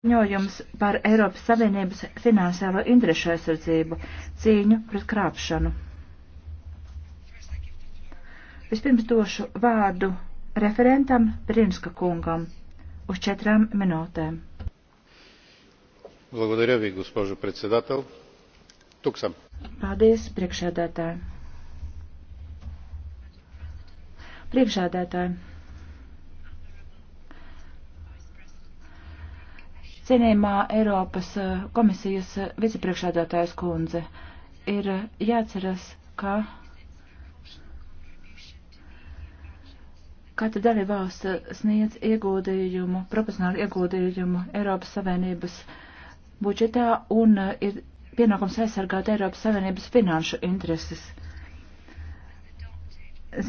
Ziņojums par Eiropas Savienības finansiālo interešu aizsardzību, cīņu pret krāpšanu. Vispirms došu vārdu referentam Prinska kungam uz četrām minūtēm. Благодаря ви, госпожо председател. Тук съм. Paldies, priekšādātāji. Priekšādātāji. Cienījumā Eiropas eh, komisijas eh, vicepriekšādātājs kundze ir eh, jāatceras, ka katra dalībvalsts sniedz ieguldījumu, proporcionālu ieguldījumu Eiropas Savienības budžetā un ir pienākums aizsargāt Eiropas Savienības finanšu intereses.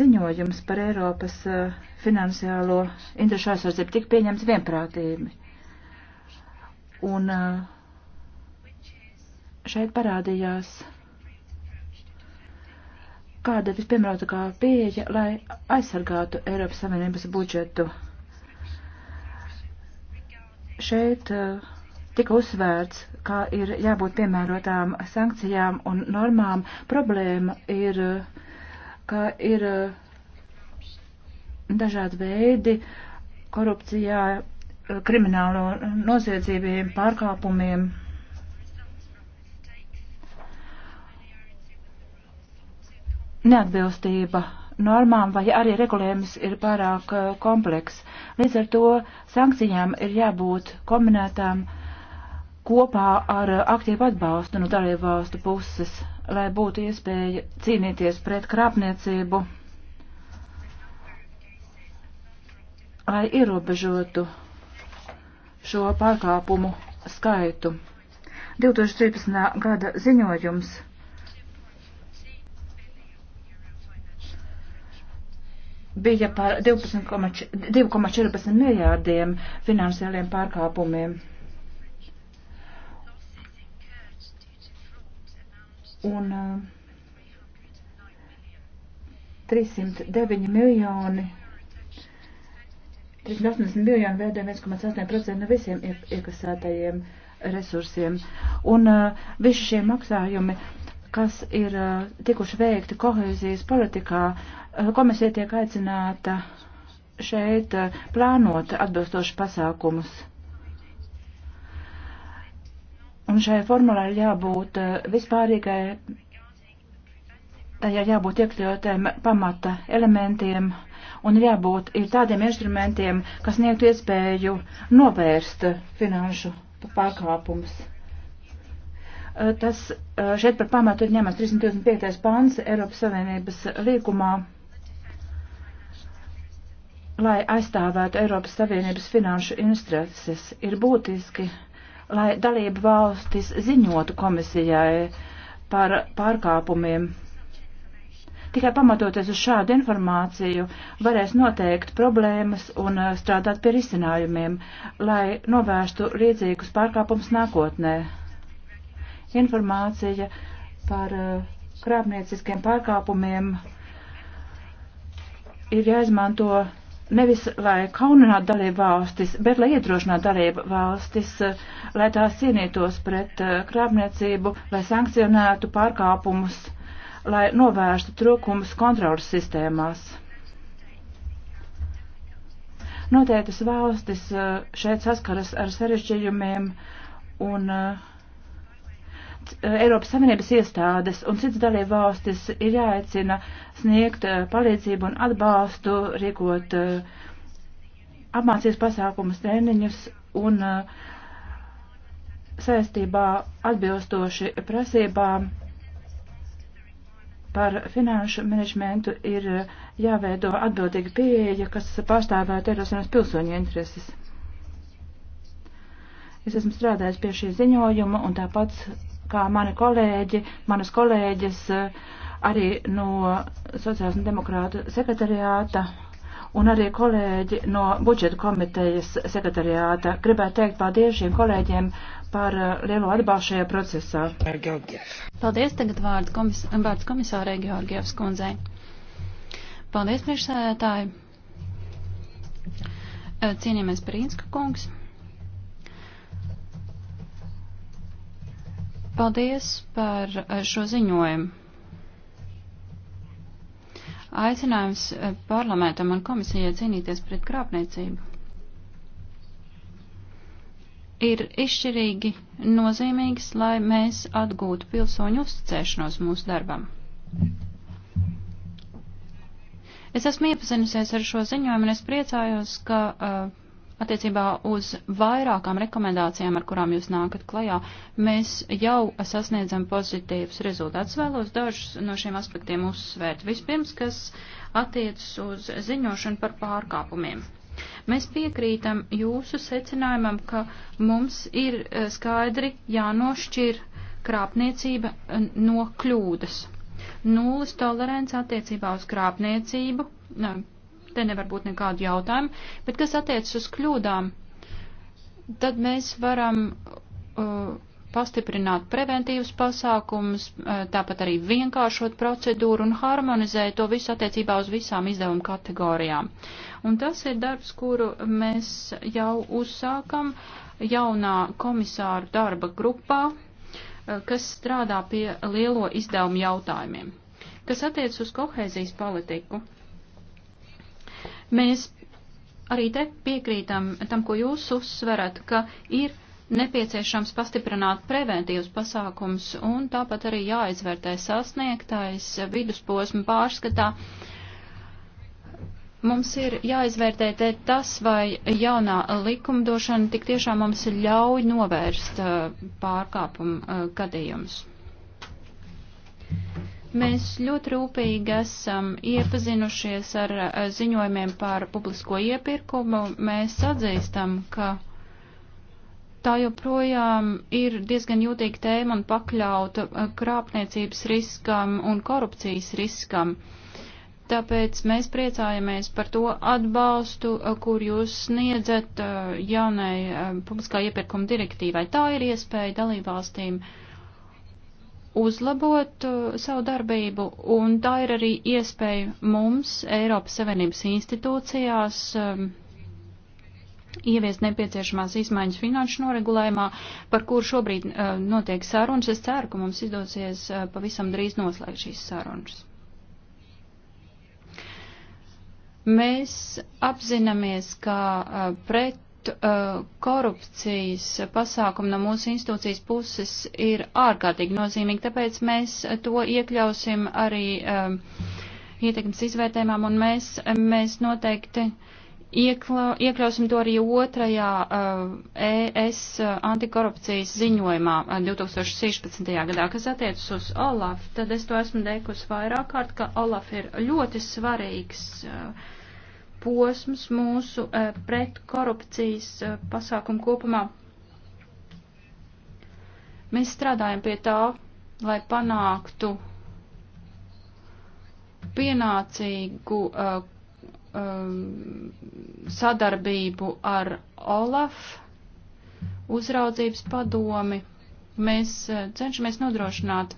Ziņojums par Eiropas finansiālo interesu aizsardzību tika pieņemts vienprātīgi. Un šeit parādījās kāda vispiemērotākā pieeja, lai aizsargātu Eiropas Savienības budžetu. Šeit tika uzsvērts, kā ir jābūt piemērotām sankcijām un normām. Problēma ir, ka ir dažādi veidi korupcijā, kriminālo noziedzīgiem pārkāpumiem. Neatbilstība normām vai arī regulējums ir pārāk eh, kompleks. Līdz ar to sankcijām ir jābūt kombinētām kopā ar aktīvu atbalstu no dalību valstu puses, lai būtu iespēja cīnīties pret krāpniecību, lai ierobežotu šo pārkāpumu skaitu. 2013. gada ziņojums bija par 2,14 miljārdiem finansiāliem pārkāpumiem. Un uh, 309 miljoni 380 miljoni veidē 1,8% no visiem iekasētajiem resursiem. Un uh, visi šie maksājumi, kas ir uh, tikuši veikti kohēzijas politikā, uh, komisija tiek aicināta šeit uh, plānot atbilstoši pasākumus. Un šai formulai jābūt uh, vispārīgai tajā jābūt iekļautiem pamata elementiem un ir jābūt ir tādiem instrumentiem, kas sniegtu iespēju novērst finanšu pārkāpumus. Tas šeit par pamatu ir ņemams 325. pāns Eiropas Savienības līkumā, lai aizstāvētu Eiropas Savienības finanšu intereses. Ir būtiski, lai dalība valstis ziņotu komisijai par pārkāpumiem Tikai pamatoties uz šādu informāciju varēs noteikt problēmas un eh, strādāt pie risinājumiem, lai novērstu līdzīgus pārkāpumus nākotnē. Informācija par eh, krāpnieciskiem pārkāpumiem ir jāizmanto nevis lai kauninātu dalību valstis, bet lai iedrošinātu dalību valstis, eh, lai tās cienītos pret krāpniecību, lai sankcionētu pārkāpumus lai novērstu trūkumus kontrolas sistēmās. Noteiktas valstis uh, šeit saskaras ar sarežģījumiem un uh, Eiropas Savienības iestādes un cits dalība valstis ir jāaicina sniegt uh, palīdzību un atbalstu, rīkot apmācības pasākumus, treniņus un saistībā atbilstoši prasībām par finanšu menedžmentu ir jāveido atbildīga pieeja, kas pārstāvētu Eiropas Savienības pilsoņu intereses. Es esmu strādājis pie šī ziņojuma un tāpat kā mani kolēģi, manas kolēģis eh, arī no sociālas un demokrāta sekretariāta un arī kolēģi no budžeta komitejas sekretariāta. Gribētu teikt paldies šiem kolēģiem par uh, lielo atbalstu šajā procesā. Paldies tagad vārds, komis vārds komisārai Georgievs kundzei. Paldies priekšsēdētāji. Uh, cienījamies Prīnska kungs. Paldies par uh, šo ziņojumu. Aicinājums eh, parlamentam un komisijai cīnīties pret krāpniecību ir izšķirīgi nozīmīgs, lai mēs atgūtu pilsoņu uzticēšanos mūsu darbam. Es esmu iepazinusies ar šo ziņojumu un es priecājos, ka uh, Attiecībā uz vairākām rekomendācijām, ar kurām jūs nākat klajā, mēs jau sasniedzam pozitīvus rezultātus. Vēlos dažus no šiem aspektiem uzsvērt. Vispirms, kas attiecas uz ziņošanu par pārkāpumiem. Mēs piekrītam jūsu secinājumam, ka mums ir eh, skaidri jānošķir krāpniecība eh, no kļūdas. Nulles tolerants attiecībā uz krāpniecību eh, te nevar būt nekādu jautājumu, bet kas attiecas uz kļūdām, tad mēs varam uh, pastiprināt preventīvus pasākumus, uh, tāpat arī vienkāršot procedūru un harmonizēt to visu attiecībā uz visām izdevumu kategorijām. Un tas ir darbs, kuru mēs jau uzsākam jaunā komisāru darba grupā, uh, kas strādā pie lielo izdevumu jautājumiem. Kas attiec uz kohēzijas politiku, Mēs arī te piekrītam tam, ko jūs uzsverat, ka ir nepieciešams pastiprināt preventīvus pasākums un tāpat arī jāizvērtē sasniegtais vidusposma pārskatā. Mums ir jāizvērtē tas, vai jaunā likumdošana tik tiešām mums ļauj novērst uh, pārkāpumu uh, gadījumus. Mēs ļoti rūpīgi esam iepazinušies ar eh, ziņojumiem par publisko iepirkumu. Mēs atzīstam, ka tā joprojām ir diezgan jūtīga tēma un pakļauta eh, krāpniecības riskam un korupcijas riskam. Tāpēc mēs priecājamies par to atbalstu, eh, kur jūs sniedzat jaunai publiskā iepirkuma direktīvai. Tā ir iespēja dalībvalstīm valstīm uzlabot uh, savu darbību, un tā ir arī iespēja mums, Eiropas Savienības institūcijās, um, ieviest nepieciešamās izmaiņas finanšu noregulējumā, par kur šobrīd uh, notiek sarunas. Es ceru, ka mums izdosies uh, pavisam drīz noslēgt šīs sarunas. Mēs apzināmies, ka uh, pret pret uh, korupcijas pasākumu no mūsu institūcijas puses ir ārkārtīgi nozīmīgi, tāpēc mēs to iekļausim arī um, ietekmes izvērtējumam, un mēs, mēs noteikti iekla, iekļausim to arī otrajā uh, ES antikorupcijas ziņojumā 2016. Uh, gadā, kas attiecas uz Olaf. Tad es to esmu teikusi vairāk kārt, ka Olaf ir ļoti svarīgs. Uh, posms mūsu eh, pretkorupcijas eh, pasākumu kopumā. Mēs strādājam pie tā, lai panāktu pienācīgu eh, sadarbību ar OLAF uzraudzības padomi. Mēs cenšamies nodrošināt,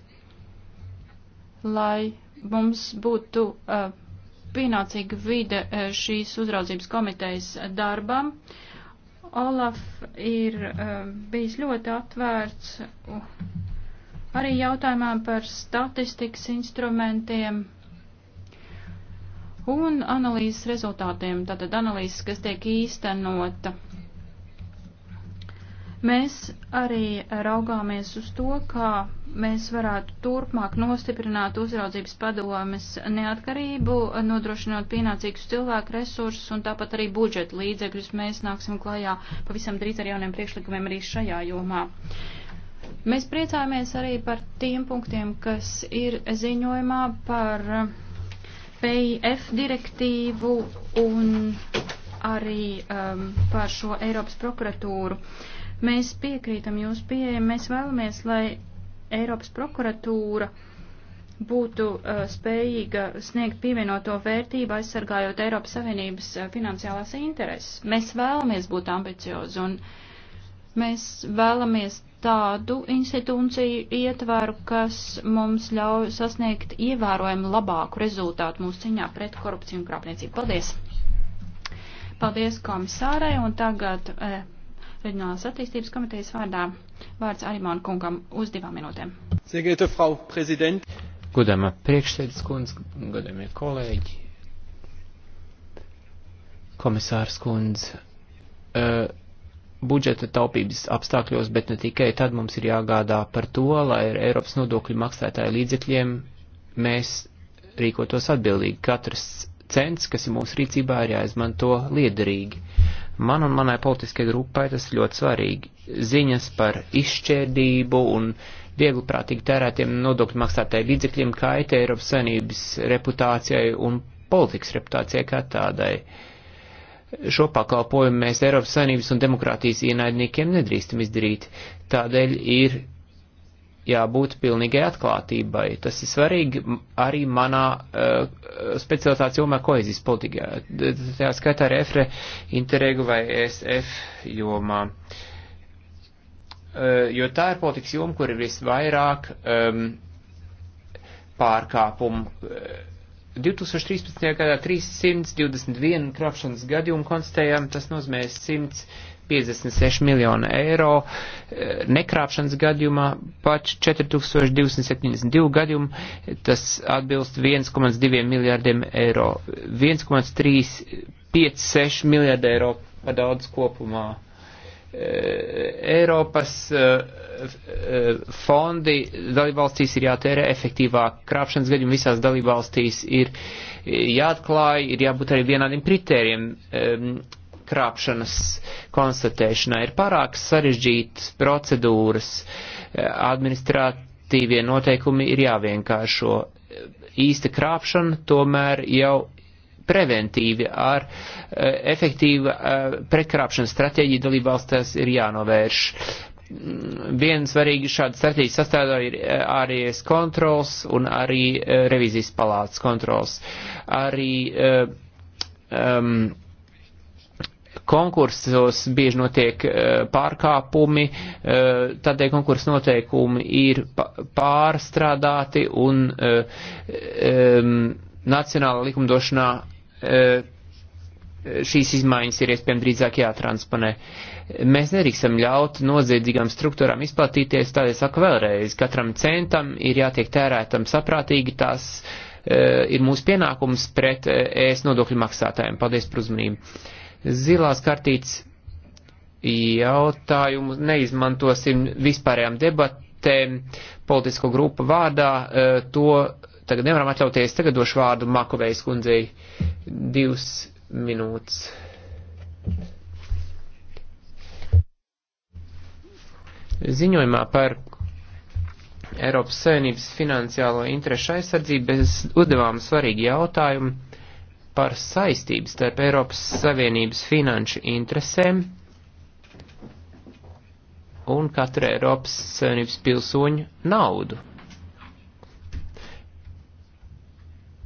lai mums būtu uh, pienācīga vide e, šīs uzraudzības komitejas darbam. Olaf ir e, bijis ļoti atvērts arī jautājumā par statistikas instrumentiem un analīzes rezultātiem, tātad analīzes, kas tiek īstenota Mēs arī raugāmies uz to, kā mēs varētu turpmāk nostiprināt uzraudzības padomes neatkarību, nodrošinot pienācīgus cilvēku resursus un tāpat arī budžeta līdzekļus. Mēs nāksim klajā pavisam drīz ar jauniem priekšlikumiem arī šajā jomā. Mēs priecājamies arī par tiem punktiem, kas ir ziņojumā par PIF direktīvu un arī um, par šo Eiropas prokuratūru. Uh, Mēs piekrītam jūsu pieejam, mēs vēlamies, lai Eiropas prokuratūra būtu uh, spējīga sniegt pievienoto vērtību, aizsargājot Eiropas Savienības uh, finansiālās intereses. Mēs vēlamies būt ambiciozi un mēs vēlamies tādu institūciju ietvaru, kas mums ļauj sasniegt ievērojumu labāku rezultātu mūsu ciņā pret korupciju un krāpniecību. Paldies! Paldies komisārai un tagad. Uh, reģionālās attīstības komitejas vārdā. Vārds Arimāna kungam uz divām minūtēm. Siegieta, frau prezident. Godamā priekšsēdus kundze, godamie kolēģi, komisārs kundze. Uh, budžeta taupības apstākļos, bet ne tikai tad mums ir jāgādā par to, lai ar Eiropas nodokļu maksātāju līdzekļiem mēs rīkotos atbildīgi. Katrs cents, kas ir mūsu rīcībā, ir jāizmanto liederīgi. Man un manai politiskajai grupai tas ļoti svarīgi. Ziņas par izšķērdību un viegli prātīgi tērētiem nodokļu maksātāju līdzekļiem kaitē Eiropas Savienības reputācijai un politikas reputācijai kā tādai. Šo pakalpojumu mēs Eiropas Savienības un demokrātijas ienaidniekiem nedrīkstam izdarīt. Tādēļ ir jābūt pilnīgai atklātībai. Tas ir svarīgi arī manā uh, specialitātes jomā kohezijas politikā. Tā skaitā arī EFRE interregu vai e SF jomā. Uh, jo tā ir politikas joma, kur ir visvairāk um, pārkāpumu. Uh, eh, 2013. gadā 321 krāpšanas gadījumu konstatējām, tas nozīmē 100 56 miljonu eiro, e, nekrāpšanas gadījumā pač 4272 gadījumu, tas atbilst 1,2 miljārdiem eiro, 1,356 miljārdu eiro par daudz kopumā. E, Eiropas e, fondi dalībvalstīs ir jātērē efektīvāk. Krāpšanas gadījumi visās dalībvalstīs ir jāatklāj, ir jābūt arī vienādiem kritērijiem krāpšanas konstatēšanai. Ir pārāk sarežģītas procedūras, administratīvie noteikumi ir jāvienkāršo. Īsta krāpšana tomēr jau preventīvi ar e, efektīvu e, pretkrāpšanas stratēģiju dalībvalstās ir jānovērš mm, viena svarīga šāda strateģija sastāvdaļa ir e, ārējais kontrols un arī revizijas palātas kontrols. Arī um, Konkursos bieži notiek eh, pārkāpumi, eh, tādēļ konkursu noteikumi ir pārstrādāti un eh, nacionāla likumdošanā šīs izmaiņas ir iespējami drīzāk jātransponē. Mēs nedrīkstam ļaut noziedzīgām struktūrām izplatīties, tādēļ saku vēlreiz, katram centam ir jātiek tērētam saprātīgi, tas uh, ir mūsu pienākums pret uh, ES nodokļu maksātājiem. Paldies par uzmanību. Zilās kartītes jautājumu neizmantosim vispārējām debatēm politisko grupu vārdā. Eh, to tagad nevaram atļauties. Tagad došu vārdu Makovejas kundzei divas minūtes. Ziņojumā par Eiropas Savienības finansiālo interešu aizsardzību bez uzdevām svarīgi jautājumi par saistības starp Eiropas Savienības finanšu interesēm un katra Eiropas Savienības pilsoņu naudu.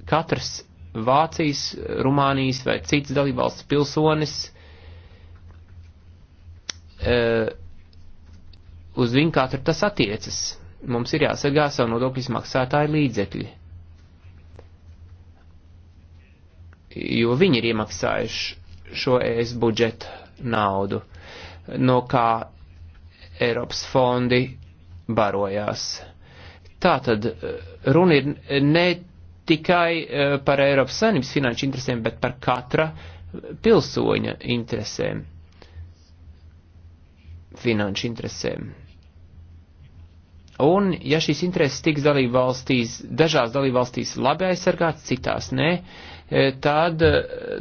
Katrs Vācijas, Rumānijas vai cits dalībvalsts pilsonis uh, uz viņu katru tas attiecas. Mums ir jāsargā savu nodokļu maksātāju līdzekļi. jo viņi ir iemaksājuši šo ES budžeta naudu, no kā Eiropas fondi barojās. Tātad eh, runa ir ne tikai eh, par Eiropas saimnības finanšu interesēm, bet par katra pilsoņa interesēm, finanšu interesēm. Un, ja šīs intereses tiks dalību valstīs, dažās dalību valstīs labi aizsargāts, citās nē, E, tad e,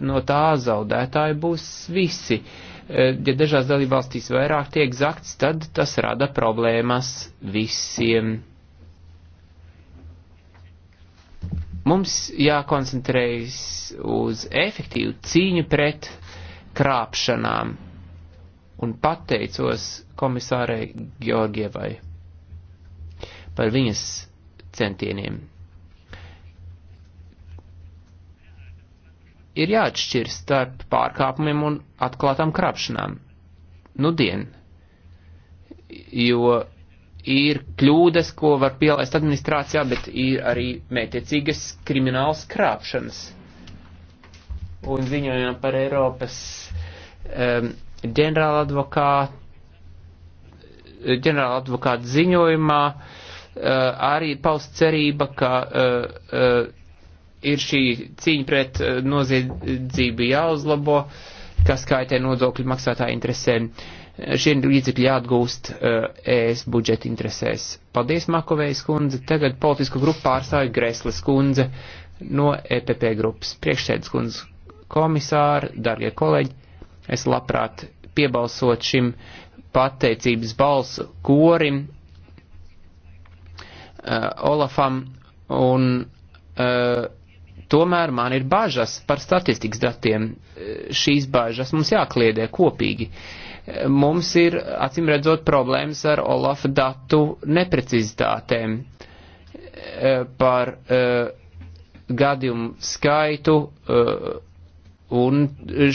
no tā zaudētāji būs visi. E, ja dažās dalībvalstīs vairāk tiek zakts, tad tas rada problēmas visiem. Mums jākoncentrējas uz efektīvu cīņu pret krāpšanām, un pateicos komisārai Georgievai par viņas centieniem. ir jāatšķir starp pārkāpumiem un atklātām krāpšanām. Nu dien. Jo ir kļūdas, ko var pielaist administrācijā, bet ir arī mētiecīgas kriminālas krāpšanas. Un ziņojām par Eiropas um, ģenerāla advokātu ģenerāla advokāta ziņojumā uh, arī paust cerība, ka uh, uh, ir šī cīņa pret eh, noziedzību jāuzlabo, kas kaitē nodokļu maksātāju interesēm. Šie līdzekļi jāatgūst ES eh, budžeta interesēs. Paldies, Makovējas kundze. Tagad politisko grupu pārstāvja Greslas kundze no EPP grupas. Priekšsēdus kundze komisāri, dargie kolēģi, es labprāt piebalsot šim pateicības balsu korim, uh, Olafam un uh, Tomēr man ir bažas par statistikas datiem. Šīs bažas mums jākliedē kopīgi. Mums ir, acīm redzot, problēmas ar Olafa datu neprecizitātēm e, par e, gadījumu skaitu, e, un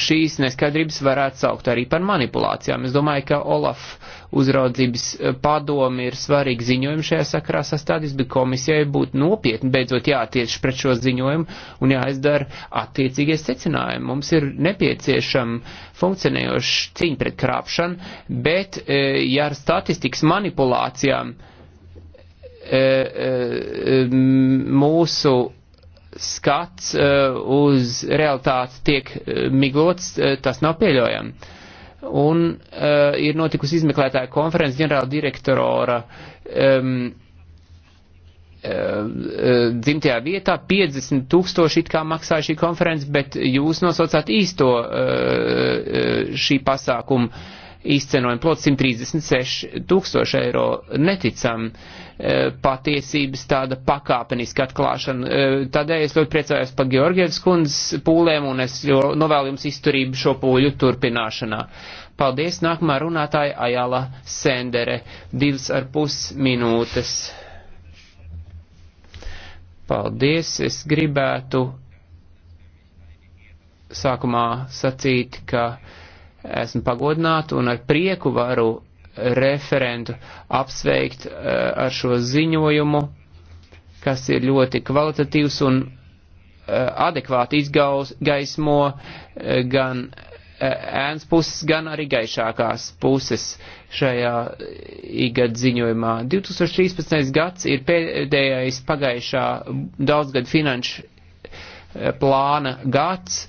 šīs neskaidrības varētu saukt arī par manipulācijām. Es domāju, ka Olafa uzraudzības e, padomi ir svarīgi ziņojumi šajā sakarā sastādīs, bet komisijai būtu nopietni beidzot jātiec pret šo ziņojumu un jāizdara attiecīgie secinājumi. Mums ir nepieciešama funkcionējoša cīņa pret krāpšanu, bet e, ja ar statistikas manipulācijām e, mūsu skats uz realitāti tiek miglots, tas nav pieļojami Un uh, ir notikusi izmeklētāja konferences ģenerāla direktora um, eh, dzimtajā vietā, 50 tūkstoši it kā maksāja šī konferences, bet jūs nosaucāt īsto eh, šī pasākuma izcenojam, proti 136 tūkstoši eiro neticam e, patiesības tāda pakāpeniska atklāšana. E, tādēļ es ļoti priecājos par Georgievas kundzes pūlēm un es novēlu nu, jums izturību šo pūļu turpināšanā. Paldies, nākamā runātāja Ajala Sendere, divas ar pus minūtes. Paldies, es gribētu sākumā sacīt, ka esmu pagodināta un ar prieku varu referentu apsveikt eh, ar šo ziņojumu, kas ir ļoti kvalitatīvs un eh, adekvāti izgaismo eh, gan ēnas puses, gan arī gaišākās puses šajā igad ziņojumā. 2013. gads ir pēdējais pagaišā daudzgad finanšu plāna gads,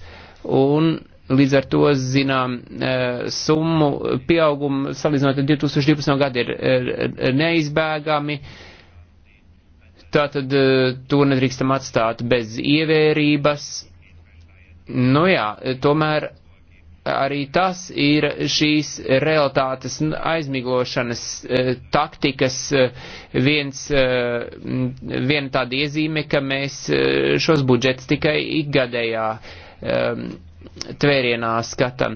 un Līdz ar to, zinām, eh, summu pieaugumu salīdzinot ar 2012. gadu ir neizbēgami. Tātad eh, to nedrīkstam atstāt bez ievērības. Nu jā, tomēr arī tas ir šīs realitātes aizmiglošanas eh, taktikas viens, viena tāda iezīme, ka mēs šos budžets tikai ikgadējā tvērienā skatam.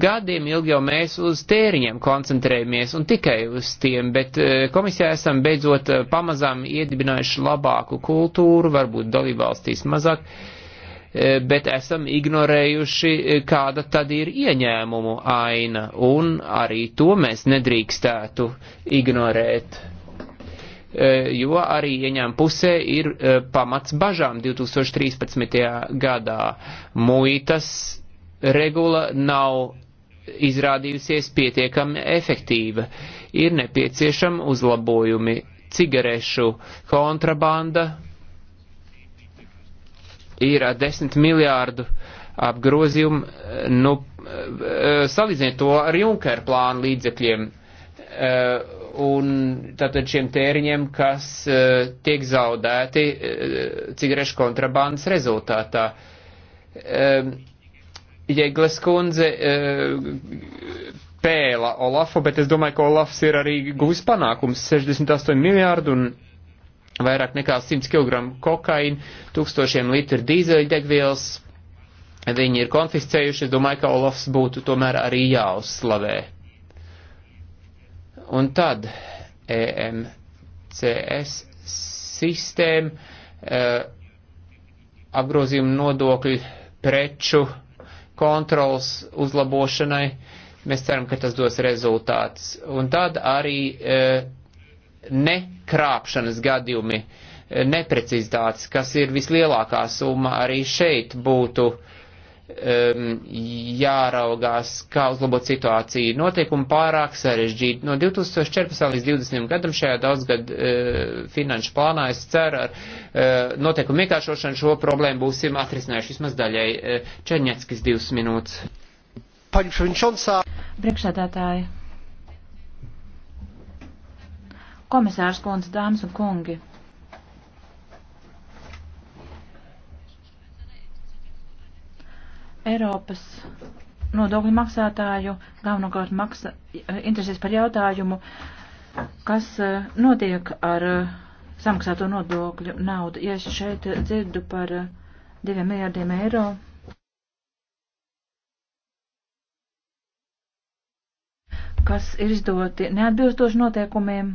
Gadiem ilgi jau mēs uz tēriņiem koncentrējamies un tikai uz tiem, bet eh, komisijā esam beidzot eh, pamazām iedibinājuši labāku kultūru, varbūt dalībvalstīs mazāk, eh, bet esam ignorējuši, kāda tad ir ieņēmumu aina, un arī to mēs nedrīkstētu ignorēt. E, jo arī ieņēma pusē ir e, pamats bažām 2013. gadā. Muitas regula nav izrādījusies pietiekami efektīva. Ir nepieciešama uzlabojumi cigarešu kontrabanda, ir 10 miljārdu apgrozījumu, nu, e, salīdziniet to ar Junkera plānu līdzekļiem un tātad šiem tēriņiem, kas uh, tiek zaudēti uh, cigarešu kontrabandas rezultātā. Uh, e, Jēglas kundze pēla Olafu, bet es domāju, ka Olafs ir arī guvis panākums 68 miljārdu un vairāk nekā 100 kg kokaina, tūkstošiem litru dīzeļdegvielas. Viņi ir konfiscējuši, es domāju, ka Olafs būtu tomēr arī jāuzslavē. Un tad EMCS sistēma uh, apgrozījuma nodokļu preču kontrols uzlabošanai. Mēs ceram, ka tas dos rezultāts. Un tad arī uh, nekrāpšanas gadījumi, eh, neprecizitātes, kas ir vislielākā summa, arī šeit būtu uh, um, jāraugās, kā uzlabot situāciju. Noteikumi pārāk sarežģīti. No 2014 līdz 2020 gadam šajā daudzgad uh, finanšu plānā es ceru ar uh, noteikumu vienkāršošanu šo problēmu būsim atrisinājuši vismaz daļai. Uh, Černieckis divas minūtes. Priekšsēdētāji. Komisārs Kons, dāmas un kungi. Eiropas nodokļu maksātāju galvenokārt maksa, eh, interesēs par jautājumu, kas eh, notiek ar eh, samaksāto nodokļu naudu. Ja es šeit dzirdu par diviem miljārdiem eiro. kas ir izdoti neatbilstoši noteikumiem,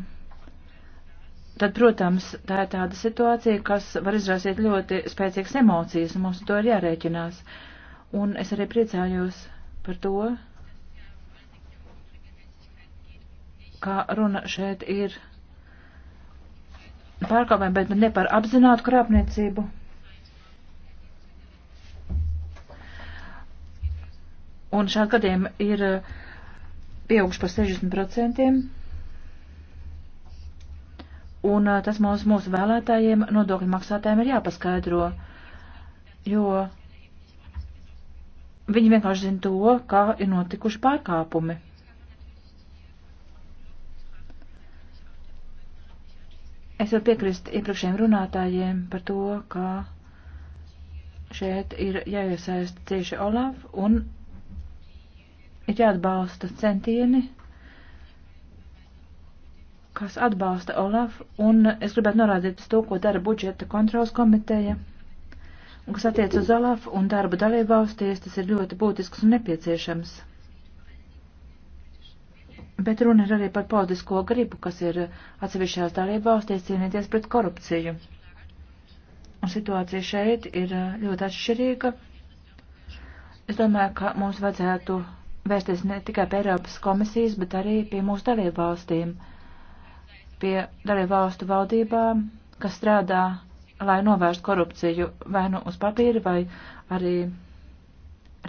tad, protams, tā ir tāda situācija, kas var izrasīt ļoti spēcīgas emocijas, un mums to ir jārēķinās. Uh, Un es arī priecājos par to, ka runa šeit ir pārkāpēm, bet ne par apzinātu krāpniecību. Un šādi gadiem ir pieauguši par 60%. Un eh, tas mums, mūsu vēlētājiem, nodokļu maksātājiem ir jāpaskaidro, jo Viņi vienkārši zina to, kā ir notikuši pārkāpumi. Es varu piekrist iepriekšējiem runātājiem par to, ka šeit ir jāiesaist tieši Olaf un ir jāatbalsta centieni, kas atbalsta Olaf, un es gribētu norādīt uz to, ko dara budžeta kontrols komiteja. Un kas attiec uz Olafu un darba dalībvalstīs, tas ir ļoti būtisks un nepieciešams. Bet runa ir arī par politisko gribu, kas ir atsevišķās dalībvalstīs cīnīties pret korupciju. Un situācija šeit ir eh, ļoti atšķirīga. Es domāju, ka mums vajadzētu vērsties ne tikai pie Eiropas komisijas, bet arī pie mūsu dalībvalstīm, pie dalībvalstu valdībām, kas strādā lai novērstu korupciju vai nu uz papīra, vai arī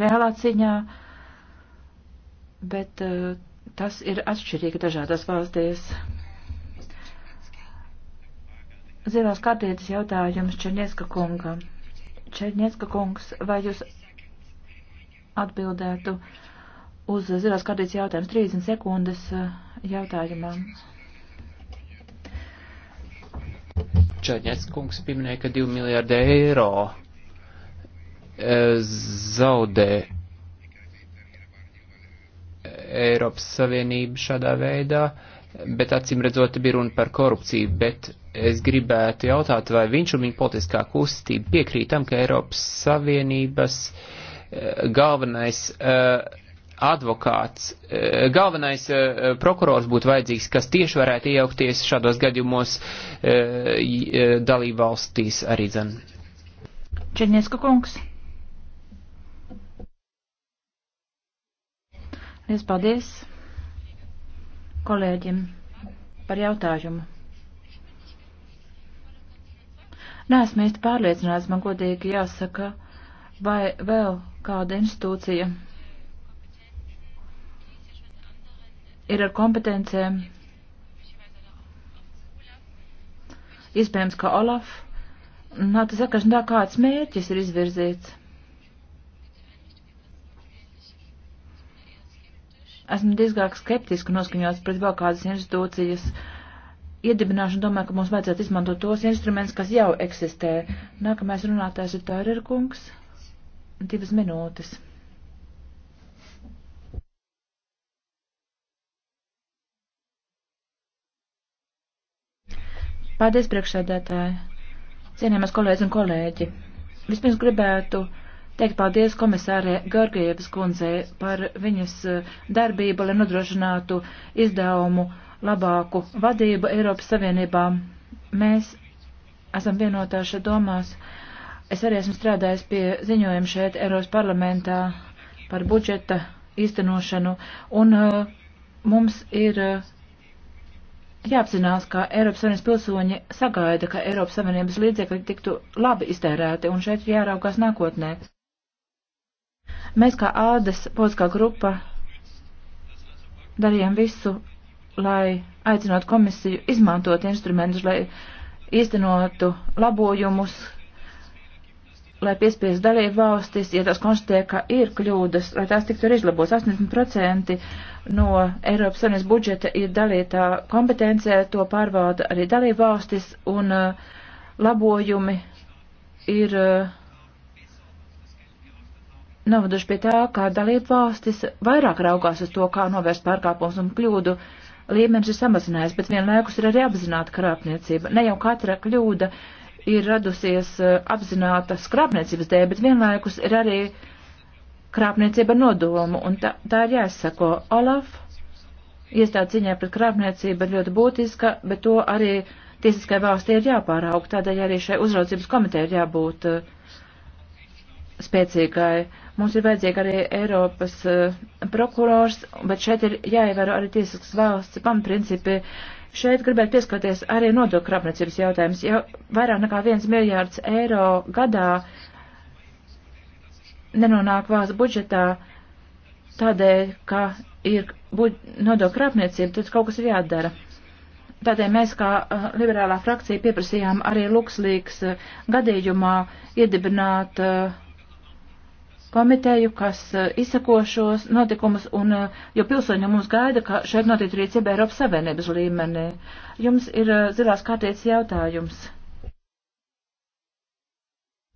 reālā ciņā, bet uh, tas ir atšķirīgi dažādās valstīs. Zilās kartietes jautājums Černieska kungam. Černieska kungs, vai jūs atbildētu uz zilās kartietes jautājumus 30 sekundes eh, jautājumam? Čaņets kungs pieminēja, ka 2 miljārdi eiro e, zaudē Eiropas Savienība šādā veidā, bet acīm redzot bija runa par korupciju, bet es gribētu jautāt, vai viņš un viņa politiskā kustība piekrītam, ka Eiropas Savienības e, galvenais uh, advokāts, e, galvenais e, prokurors būtu vajadzīgs, kas tieši varētu iejaukties šādos gadījumos e, dalību valstīs arī dzen. Černieska kungs. Liels paldies kolēģim par jautājumu. Nē, esmu īsti pārliecināts, man godīgi jāsaka, vai vēl kāda institūcija ir ar kompetencēm iespējams, ka Olaf nav nu, tas sakarši tā, kāds mērķis ir izvirzīts. Esmu diezgāk skeptiski noskaņots pret vēl kādas institūcijas iedibināšanu. Domāju, ka mums vajadzētu izmantot tos instrumentus, kas jau eksistē. Nākamais runātājs ir Tārerkungs. Divas minūtes. Paldies, priekšsēdētāji. Cienījamās kolēģis un kolēģi. Vispirms gribētu teikt paldies komisārē Gorgievas kundzei par viņas eh, darbību, lai nodrošinātu izdevumu labāku vadību Eiropas Savienībā. Mēs esam vienotāši domās. Es arī esmu strādājis pie ziņojuma šeit Eiropas parlamentā par budžeta īstenošanu, un uh, mums ir uh, jāapzinās, ka Eiropas Savienības pilsoņi sagaida, ka Eiropas Savienības līdzekļi tiktu labi iztērēti, un šeit ir jāraugās nākotnē. Mēs kā ādas politiskā grupa darījām visu, lai aicinātu komisiju izmantot instrumentus, lai īstenotu labojumus, lai piespies dalību valstis, ja tas konstatē, ka ir kļūdas, lai tās tiktu arī izlabotas 80% no Eiropas Savienības budžeta ir dalītā kompetencija, to pārvalda arī dalība valstis, un uh, labojumi ir uh, novaduši pie tā, kā dalība valstis vairāk raugās uz to, kā novērst pārkāpumus un kļūdu. Līmenis ir samazinājies, bet vienlaikus ir arī apzināta krāpniecība. Ne jau katra kļūda ir radusies uh, apzināta skrāpniecības dēļ, bet vienlaikus ir arī uh, krāpniecība nodomu, un tā, tā ir jāsako. Olaf iestāda ziņā pret krāpniecību ir ļoti būtiska, bet to arī tiesiskai valstī ir jāpārauk, tādēļ arī šai uzraudzības komitē ir jābūt uh, spēcīgai. Mums ir vajadzīga arī Eiropas uh, prokurors, bet šeit ir jāievēro arī tiesiskas valsts pamatprincipi. Šeit gribētu pieskarties arī nodokļu krāpniecības jautājums. Jau vairāk nekā viens miljārds eiro gadā uh, nenonāk valsts budžetā tādēļ, ka ir nodokļu krāpniecība, tad kaut kas ir jādara. Tādēļ mēs kā uh, liberālā frakcija pieprasījām arī Lukslīgas uh, gadījumā iedibināt uh, komiteju, kas uh, izsako šos notikumus, un, uh, jo pilsoņi mums gaida, ka šeit notiek rīcība Eiropas Savienības līmenī. Jums ir uh, zilās kārtības jautājums.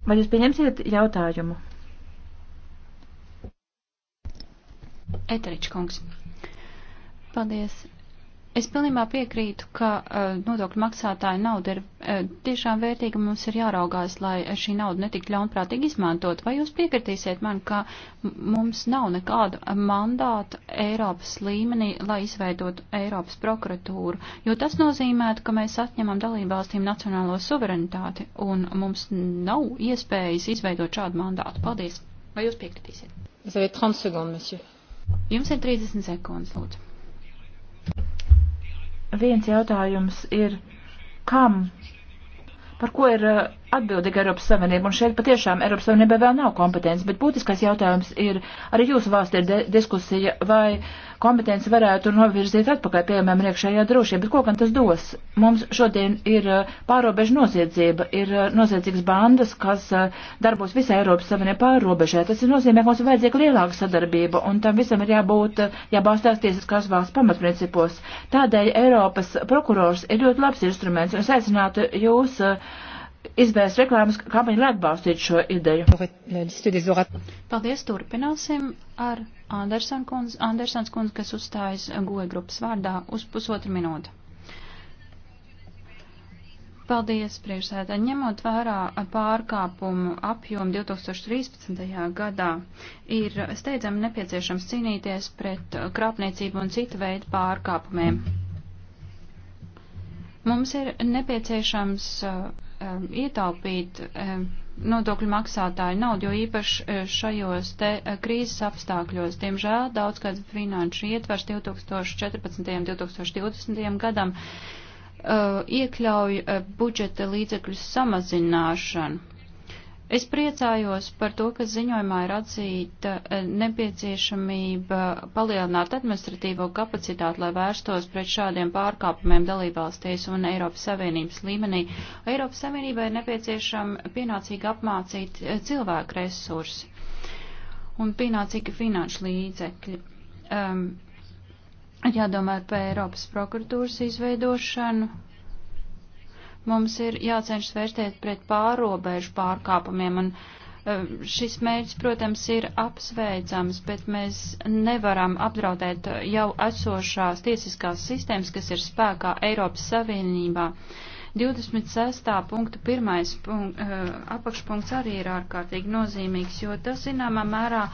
Vai jūs pieņemsiet jautājumu? Eteriča kungs. Paldies. Es pilnībā piekrītu, ka uh, nodokļu maksātāja nauda ir uh, tiešām vērtīga, mums ir jāraugās, lai šī nauda netiktu ļaunprātīgi izmantot. Vai jūs piekritīsiet man, ka mums nav nekāda mandāta Eiropas līmenī, lai izveidot Eiropas prokuratūru, jo tas nozīmētu, ka mēs atņemam dalībvalstīm nacionālo suverenitāti un mums nav iespējas izveidot šādu mandātu. Paldies. Vai jūs piekritīsiet? Jūs 30 sekundes, monsieur. Jums ir 30 sekundes, lūdzu. Viens jautājums ir, kam, par ko ir atbildīga Eiropas Savienība, un šeit patiešām Eiropas Savienībai vēl nav kompetence, bet būtiskais jautājums ir, arī jūsu valstī ir diskusija, vai kompetence varētu novirzīt atpakaļ, piemēram, iekšējā drošība, bet ko gan tas dos? Mums šodien ir uh, pārobežu noziedzība, ir uh, noziedzīgas bandas, kas uh, darbos visā Eiropas Savienībā pārobežē. Tas ir nozīmē, ka mums ir vajadzīga lielāka sadarbība, un tam visam ir jābūt, jābalstās tiesiskās valsts pamatprincipos. Tādēļ Eiropas prokurors ir ļoti labs instruments, un es aicinātu jūs uh, izvērst reklāmas kampaņu, lai atbalstītu šo ideju. Paldies, turpināsim ar Andersons kundz, Andersons kundz, kas uzstājas goja grupas vārdā uz pusotru minūtu. Paldies, priekšsēdē. Ņemot vērā pārkāpumu apjomu 2013. gadā, ir steidzami nepieciešams cīnīties pret krāpniecību un citu veidu pārkāpumiem. Mums ir nepieciešams uh, um, ietaupīt um, nodokļu maksātāju naudu, jo īpaši uh, šajos te uh, krīzes apstākļos, diemžēl, daudzgads finanšu ietvers 2014. un 2020. gadam uh, iekļauj uh, budžeta līdzekļu samazināšanu Es priecājos par to, ka ziņojumā ir atzīta eh, nepieciešamība palielināt administratīvo kapacitāti, lai vērstos pret šādiem pārkāpumiem dalībvalstīs un Eiropas Savienības līmenī. Eiropas Savienībai ir nepieciešama pienācīgi apmācīt eh, cilvēku resursi un pienācīgi finanšu līdzekļi. Um, jādomā par Eiropas prokuratūras izveidošanu, Mums ir jācenšas vērstēt pret pārobežu pārkāpumiem, un eh, šis mērķis, protams, ir apsveicams, bet mēs nevaram apdraudēt jau esošās tiesiskās sistēmas, kas ir spēkā Eiropas Savienībā. 26. punktu pirmais punkt, eh, apakšpunkts arī ir ārkārtīgi nozīmīgs, jo tas, zināmā mērā,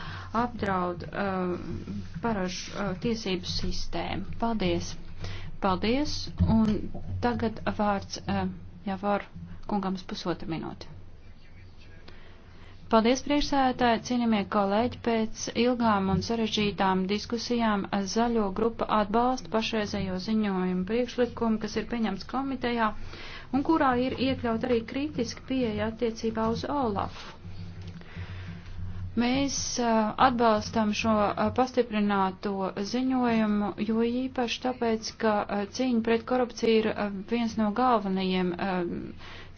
apdraud uh, eh, parašu uh, tiesību sistēmu. Paldies! Paldies, un tagad vārds eh, Javor kungam uz pusotru minūti. Paldies, priekšsēdētāji, cienījamie kolēģi, pēc ilgām un sarežģītām diskusijām zaļo grupa atbalsta pašreizējo ziņojumu priekšlikumu, kas ir pieņemts komitejā un kurā ir iekļaut arī kritiski pieeja attiecībā uz Olafu. Mēs atbalstam šo pastiprināto ziņojumu, jo īpaši tāpēc, ka cīņa pret korupciju ir viens no galvenajiem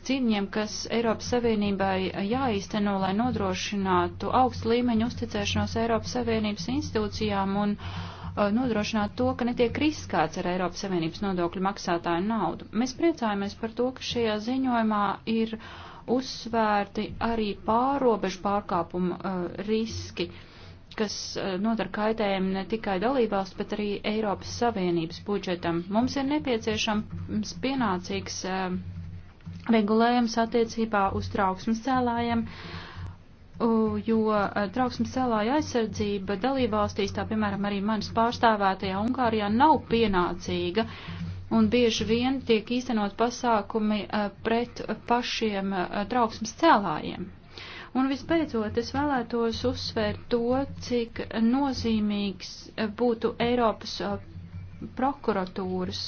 cīņiem, kas Eiropas Savienībai jāīsteno, lai nodrošinātu augstu līmeņu uzticēšanos Eiropas Savienības institūcijām un nodrošināt to, ka netiek riskāts ar Eiropas Savienības nodokļu maksātāju naudu. Mēs priecājamies par to, ka šajā ziņojumā ir uh, uzsvērti arī pārobežu pārkāpumu uh, riski, kas uh, eh, nodara kaitējumu ne tikai dalībvalsts, bet arī Eiropas Savienības budžetam. Mums ir nepieciešams pienācīgs uh, regulējums attiecībā uz trauksmes cēlājiem, jo trauksmes cēlāja aizsardzība dalībvalstīs, tā piemēram arī manis pārstāvētajā Ungārijā, nav pienācīga. Uh, un bieži vien tiek īstenot pasākumi eh, pret pašiem trauksmes eh, cēlājiem. Un visbeidzot, es vēlētos uzsvērt to, cik nozīmīgs eh, būtu Eiropas prokuratūras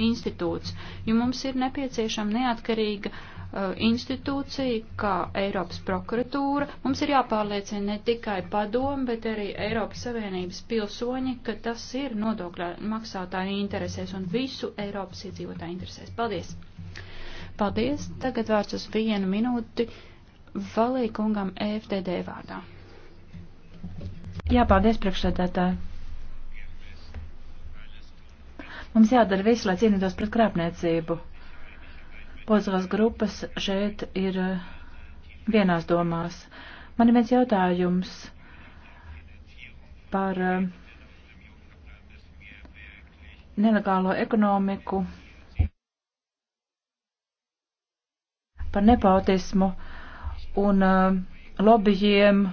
institūts, jo mums ir nepieciešama neatkarīga uh, Eh, institūcija, kā Eiropas prokuratūra. Mums ir jāpārliecina ne tikai padomu, bet arī Eiropas Savienības pilsoņi, ka tas ir nodokļu maksātāju interesēs un visu Eiropas iedzīvotāju interesēs. Paldies! Paldies! Tagad vārds uz vienu minūti valīkungam EFDD vārdā. Jā, paldies priekšsēdētāji! Mums jādara viss, lai cīnītos pret krāpniecību. Pozvas grupas šeit ir eh, vienās domās. Man ir viens jautājums par eh, nelegālo ekonomiku, par nepautismu un eh, lobbyiem,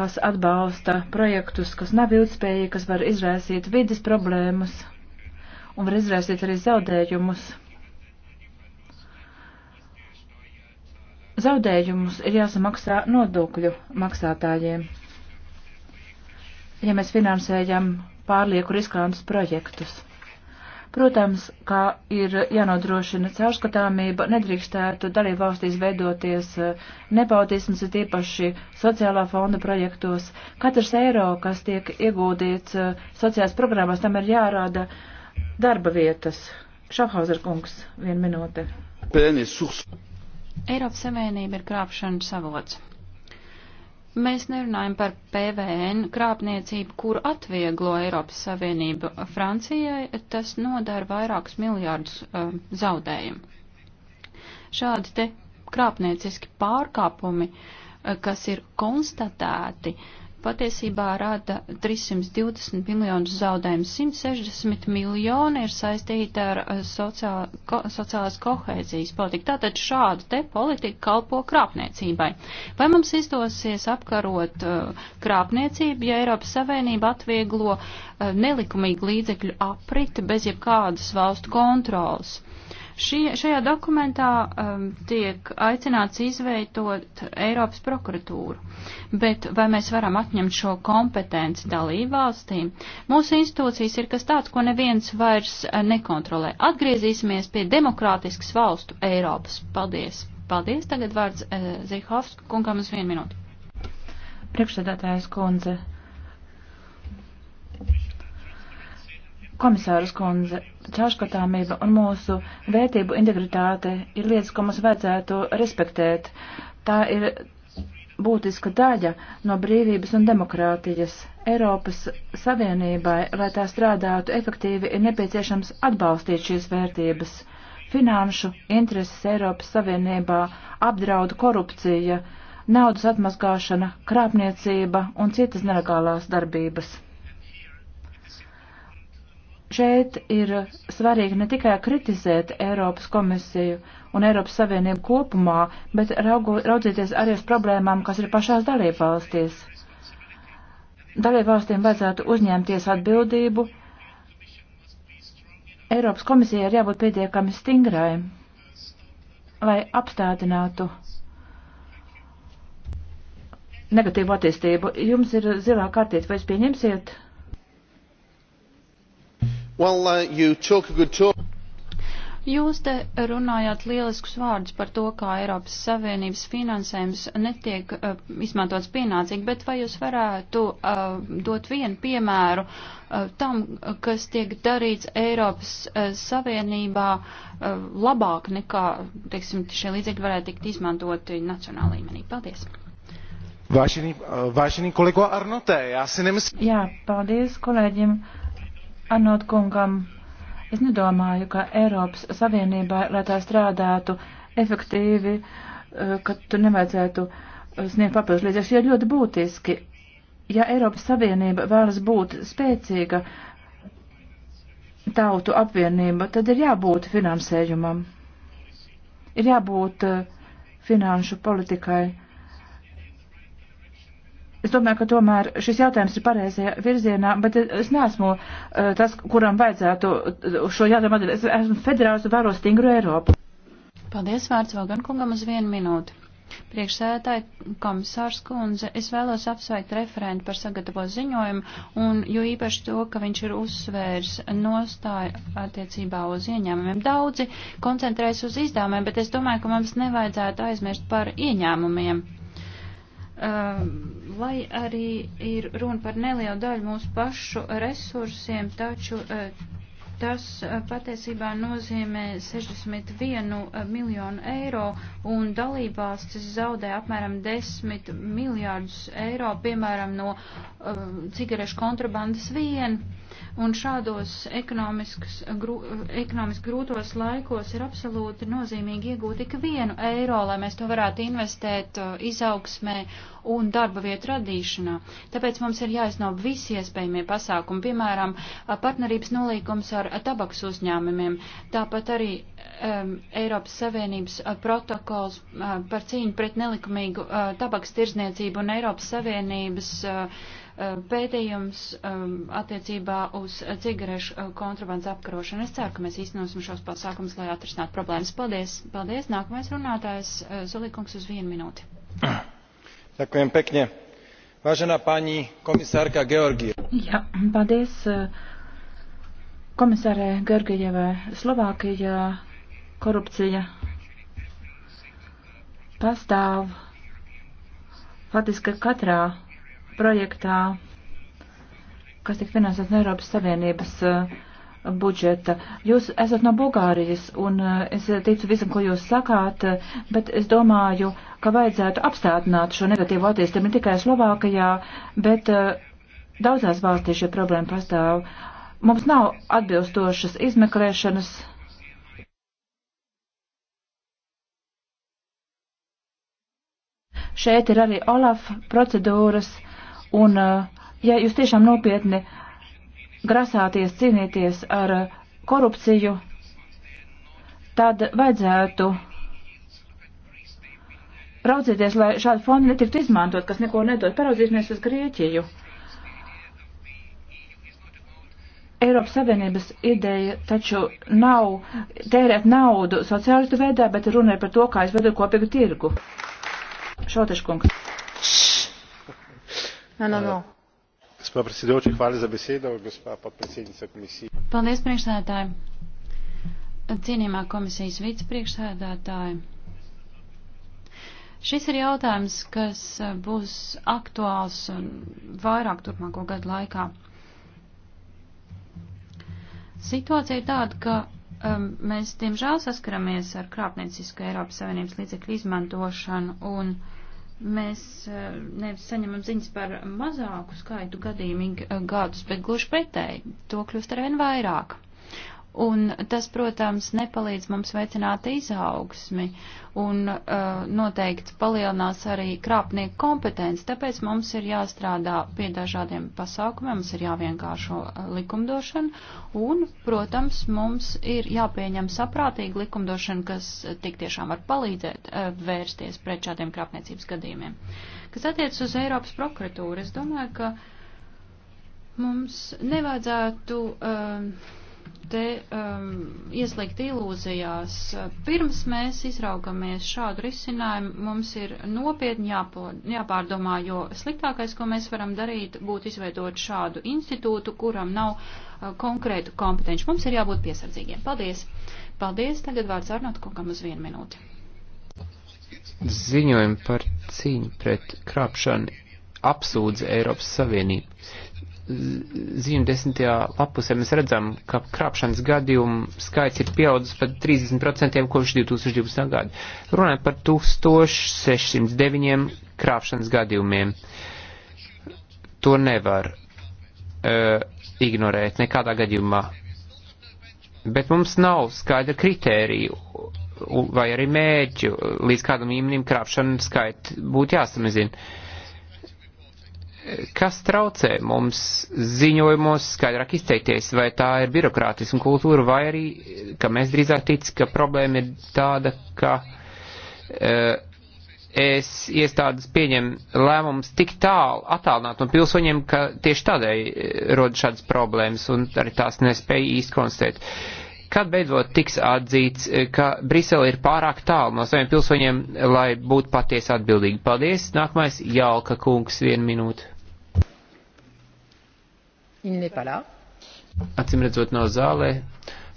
kas atbalsta projektus, kas nav ilgspējīgi, kas var izraisīt vidas problēmas un var izraisīt arī zaudējumus. Zaudējumus ir jāsamaksā nodokļu maksātājiem, ja mēs finansējam pārlieku riskantus projektus. Protams, kā ir jānodrošina caurskatāmība, nedrīkstētu dalībvalstīs veidoties eh, nebaudīsms, ir īpaši sociālā fonda projektos. Katrs eiro, kas tiek ieguldīts eh, sociālās programmās, tam ir jārāda darba vietas. Šafhauser kungs, viena minūte. Pēnes, Eiropas Savienība ir krāpšanas savots. Mēs nerunājam par PVN krāpniecību, kuru atvieglo Eiropas Savienību Francijai, tas nodara vairākus miljārdus uh, zaudējumu. Šādi te krāpnieciski pārkāpumi, uh, kas ir konstatēti, uh, patiesībā rada 320 miljonus zaudējumus. 160 miljoni ir saistīti ar eh, sociāl, ko, sociālās kohēzijas politiku. Tātad šāda te politika kalpo krāpniecībai. Vai mums izdosies apkarot uh, krāpniecību, ja Eiropas Savienība atvieglo uh, nelikumīgu līdzekļu apriti bez jebkādas valstu kontrolas? Šie, šajā dokumentā um, tiek aicināts izveidot Eiropas prokuratūru, bet vai mēs varam atņemt šo kompetenci dalību valstīm? Mūsu institūcijas ir kas tāds, ko neviens vairs uh, nekontrolē. Atgriezīsimies pie demokrātiskas valstu Eiropas. Paldies! Paldies! Tagad vārds uh, Zihovska kungam uz vienu minūti. Priekšsēdētājas kundze. Komisāras kundze, caurskatāmība un mūsu vērtību integritāte ir lietas, ko mums vajadzētu respektēt. Tā ir būtiska daļa no brīvības un demokrātijas. Eiropas Savienībai, lai tā strādātu efektīvi, ir nepieciešams atbalstīt šīs vērtības. Finanšu intereses Eiropas Savienībā apdraud korupcija, naudas atmazgāšana, krāpniecība un citas nelegālās darbības šeit ir svarīgi ne tikai kritizēt Eiropas komisiju un Eiropas Savienību kopumā, bet raugu, raudzīties arī uz problēmām, kas ir pašās dalībvalstīs. Dalībvalstīm vajadzētu uzņemties atbildību. Eiropas komisija ir jābūt pietiekami stingrai, lai apstādinātu negatīvu attīstību. Jums ir zilā kartīte, vai jūs pieņemsiet? Well, uh, you talk a good talk. Jūs te runājāt lieliskus vārdus par to, kā Eiropas Savienības finansējums netiek uh, izmantots pienācīgi, bet vai jūs varētu uh, dot vienu piemēru uh, tam, kas tiek darīts Eiropas uh, Savienībā uh, labāk nekā, teiksim, šie līdzekļi varētu tikt izmantoti nacionālā līmenī? Paldies! Vážený, uh, vážený kolego Arnote, já si nemyslím... Jā, paldies kolēģim. Uh, Arnot kungam. Es nedomāju, ka Eiropas Savienībai, lai tā strādātu efektīvi, eh, ka tur nevajadzētu eh, sniegt papildus līdzekļus, jo ļoti būtiski. Ja Eiropas Savienība vēlas būt spēcīga tautu apvienība, tad ir jābūt finansējumam. Ir jābūt eh, finanšu politikai Es domāju, ka tomēr šis jautājums ir pareizajā virzienā, bet es neesmu uh, tas, kuram vajadzētu eh, šo jautājumu atbildēt. Es esmu federāls un vēros stingru Eiropu. Paldies, vārds Vagankungam uz vienu minūti. Priekšsēdētāji, komisārs kundze, es vēlos apsveikt referentu par sagatavo ziņojumu un jo īpaši to, ka viņš ir uzsvērs nostāju attiecībā uz ieņēmumiem. Daudzi koncentrēs uz izdevumiem, bet es domāju, ka mums nevajadzētu aizmirst par ieņēmumiem. Um, lai arī ir runa par nelielu daļu mūsu pašu resursiem, taču uh, tas uh, patiesībā nozīmē 61 uh, miljonu eiro un dalībvalstis zaudē apmēram 10 miljārdus eiro, piemēram, no cigarešu kontrabandas vien. Un šādos ekonomiski grūtos laikos ir absolūti nozīmīgi iegūt ik vienu eiro, lai mēs to varētu investēt uh, izaugsmē un darba vietu radīšanā. Tāpēc mums ir jāiznob visi iespējamie pasākumi, piemēram, uh, partnerības nolīgums ar uh, tabaks uzņēmumiem, tāpat arī um, Eiropas Savienības protokols uh, par cīņu pret nelikumīgu uh, tabaks tirzniecību un Eiropas Savienības uh, Eh, pētījums ehm, attiecībā uz cigarešu eh, kontrabandas apkarošanu. Es ceru, ka mēs īstenosim šos pasākumus, lai atrisinātu problēmas. Paldies! Paldies! Nākamais runātājs Zulikungs eh, uz vienu minūti. Ďakujem pekne. Vážená pani komisárka Georgie. Jā, paldies komisārē Georgievai. Slovākija korupcija pastāv faktiski katrā projektā, kas tika finansēts no Eiropas Savienības uh, budžeta. Jūs esat no Bulgārijas, un uh, es ticu visam, ko jūs sakāt, uh, bet es domāju, ka vajadzētu apstādināt šo negatīvo attīstību ne tikai Slovākijā, bet daudzās valstīs šī problēma pastāv. Mums nav atbilstošas izmeklēšanas. Šeit ir arī Olaf procedūras. Uh, Un, uh, ja jūs tiešām nopietni grasāties cīnīties ar korupciju, tad vajadzētu raudzīties, lai šādi fondi netiktu izmantot, kas neko nedod. Paraudzīsimies uz Grieķiju. Eiropas Savienības ideja taču nav tērēt naudu sociālistu veidā, bet runa ir par to, kā izveidot kopīgu tirgu. Šoteškungs. Ah, eh, gospa predsedujoča hvala za besedo gospa podpredsednica komisije paldies priekšsēdētāji cienījamā komisijas vicepriekšsēdētāji šis ir jautājums kas eh, būs aktuāls vairāk turpmāko gadu laikā situācija ir tāda ka um, mēs diemžēl saskaramies ar krāpniecisku Eiropas Savienības līdzekļu izmantošanu un uh, mēs eh, nevis saņemam ziņas par mazāku skaitu gadījumīgi eh, gadus, bet gluži pretēji, to kļūst arvien vairāk. Un tas, protams, nepalīdz mums veicināt izaugsmi un uh, noteikti palielinās arī krāpnieku kompetenci. Tāpēc mums ir jāstrādā pie dažādiem pasākumiem, mums ir jāvienkāršo uh, likumdošana un, protams, mums ir jāpieņem saprātīgi likumdošana, kas tik tiešām var palīdzēt uh, vērsties pret šādiem krāpniecības gadījumiem. Kas attiec uz Eiropas prokuratūru, es domāju, ka mums nevajadzētu. Uh, te um, ieslīgt ilūzijās. Pirms mēs izraugamies šādu risinājumu, mums ir nopietni jāpo, jāpārdomā, jo sliktākais, ko mēs varam darīt, būtu izveidot šādu institūtu, kuram nav uh, konkrētu kompetenci. Mums ir jābūt piesardzīgiem. Paldies! Paldies! Tagad vārds Arnot kungam uz vienu minūti. Ziņojumi par cīņu pret krāpšanu apsūdz Eiropas Savienību zīmju desmitajā lapusē mēs redzam, ka krāpšanas gadījumu skaits ir pieaudzis pat 30% kopš 2020. gada. Runājot par 1609 krāpšanas gadījumiem. To nevar uh, ignorēt nekādā gadījumā. Bet mums nav skaidra kritērija vai arī mērķu, līdz kādam īmenim krāpšanu skaitu būtu jāsamazina. Uh, kas traucē mums ziņojumos skaidrāk izteikties, vai tā ir birokrātiska kultūra, vai arī, ka mēs drīzāk tic, ka problēma ir tāda, ka uh, es iestādes pieņem lēmumus tik tālu, attālināt no pilsoņiem, ka tieši tādēļ eh, rodas šādas problēmas un arī tās nespēja īsti konstatēt. Uh, Kad beidzot tiks atzīts, eh, ka Brisele ir pārāk tālu no saviem pilsoņiem, lai būtu patiesi atbildīgi? Paldies. Nākamais Jālka kungs, vienu minūtu. Acim redzot no zālē,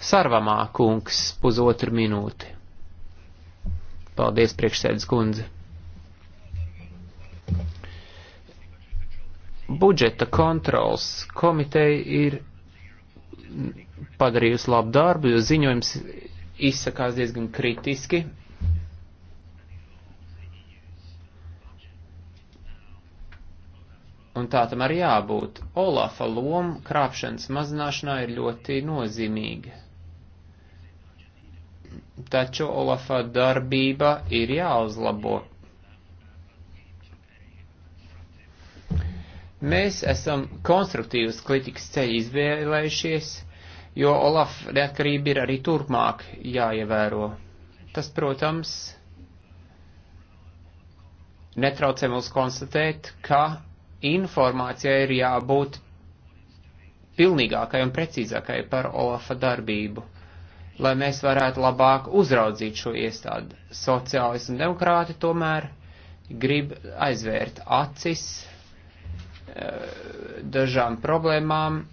Sarvamā kungs, pusotru minūti. Paldies, priekšsēdus kundze. budžeta kontrols komiteja ir padarījusi labu darbu, jo ziņojums izsakās diezgan kritiski. Un tā tam arī jābūt. Olafa loma krāpšanas mazināšanā ir ļoti nozīmīga. Taču Olafa darbība ir jāuzlabo Mēs esam konstruktīvas kritikas ceļu izvēlējušies, jo Olaf neatkarība ir arī turpmāk jāievēro. Tas, protams, netraucē mums konstatēt, ka informācijai ir jābūt pilnīgākai un precīzākai par Olafa darbību, lai mēs varētu labāk uzraudzīt šo iestādi. Sociālisti un demokrāti tomēr grib aizvērt acis dažām problēmām.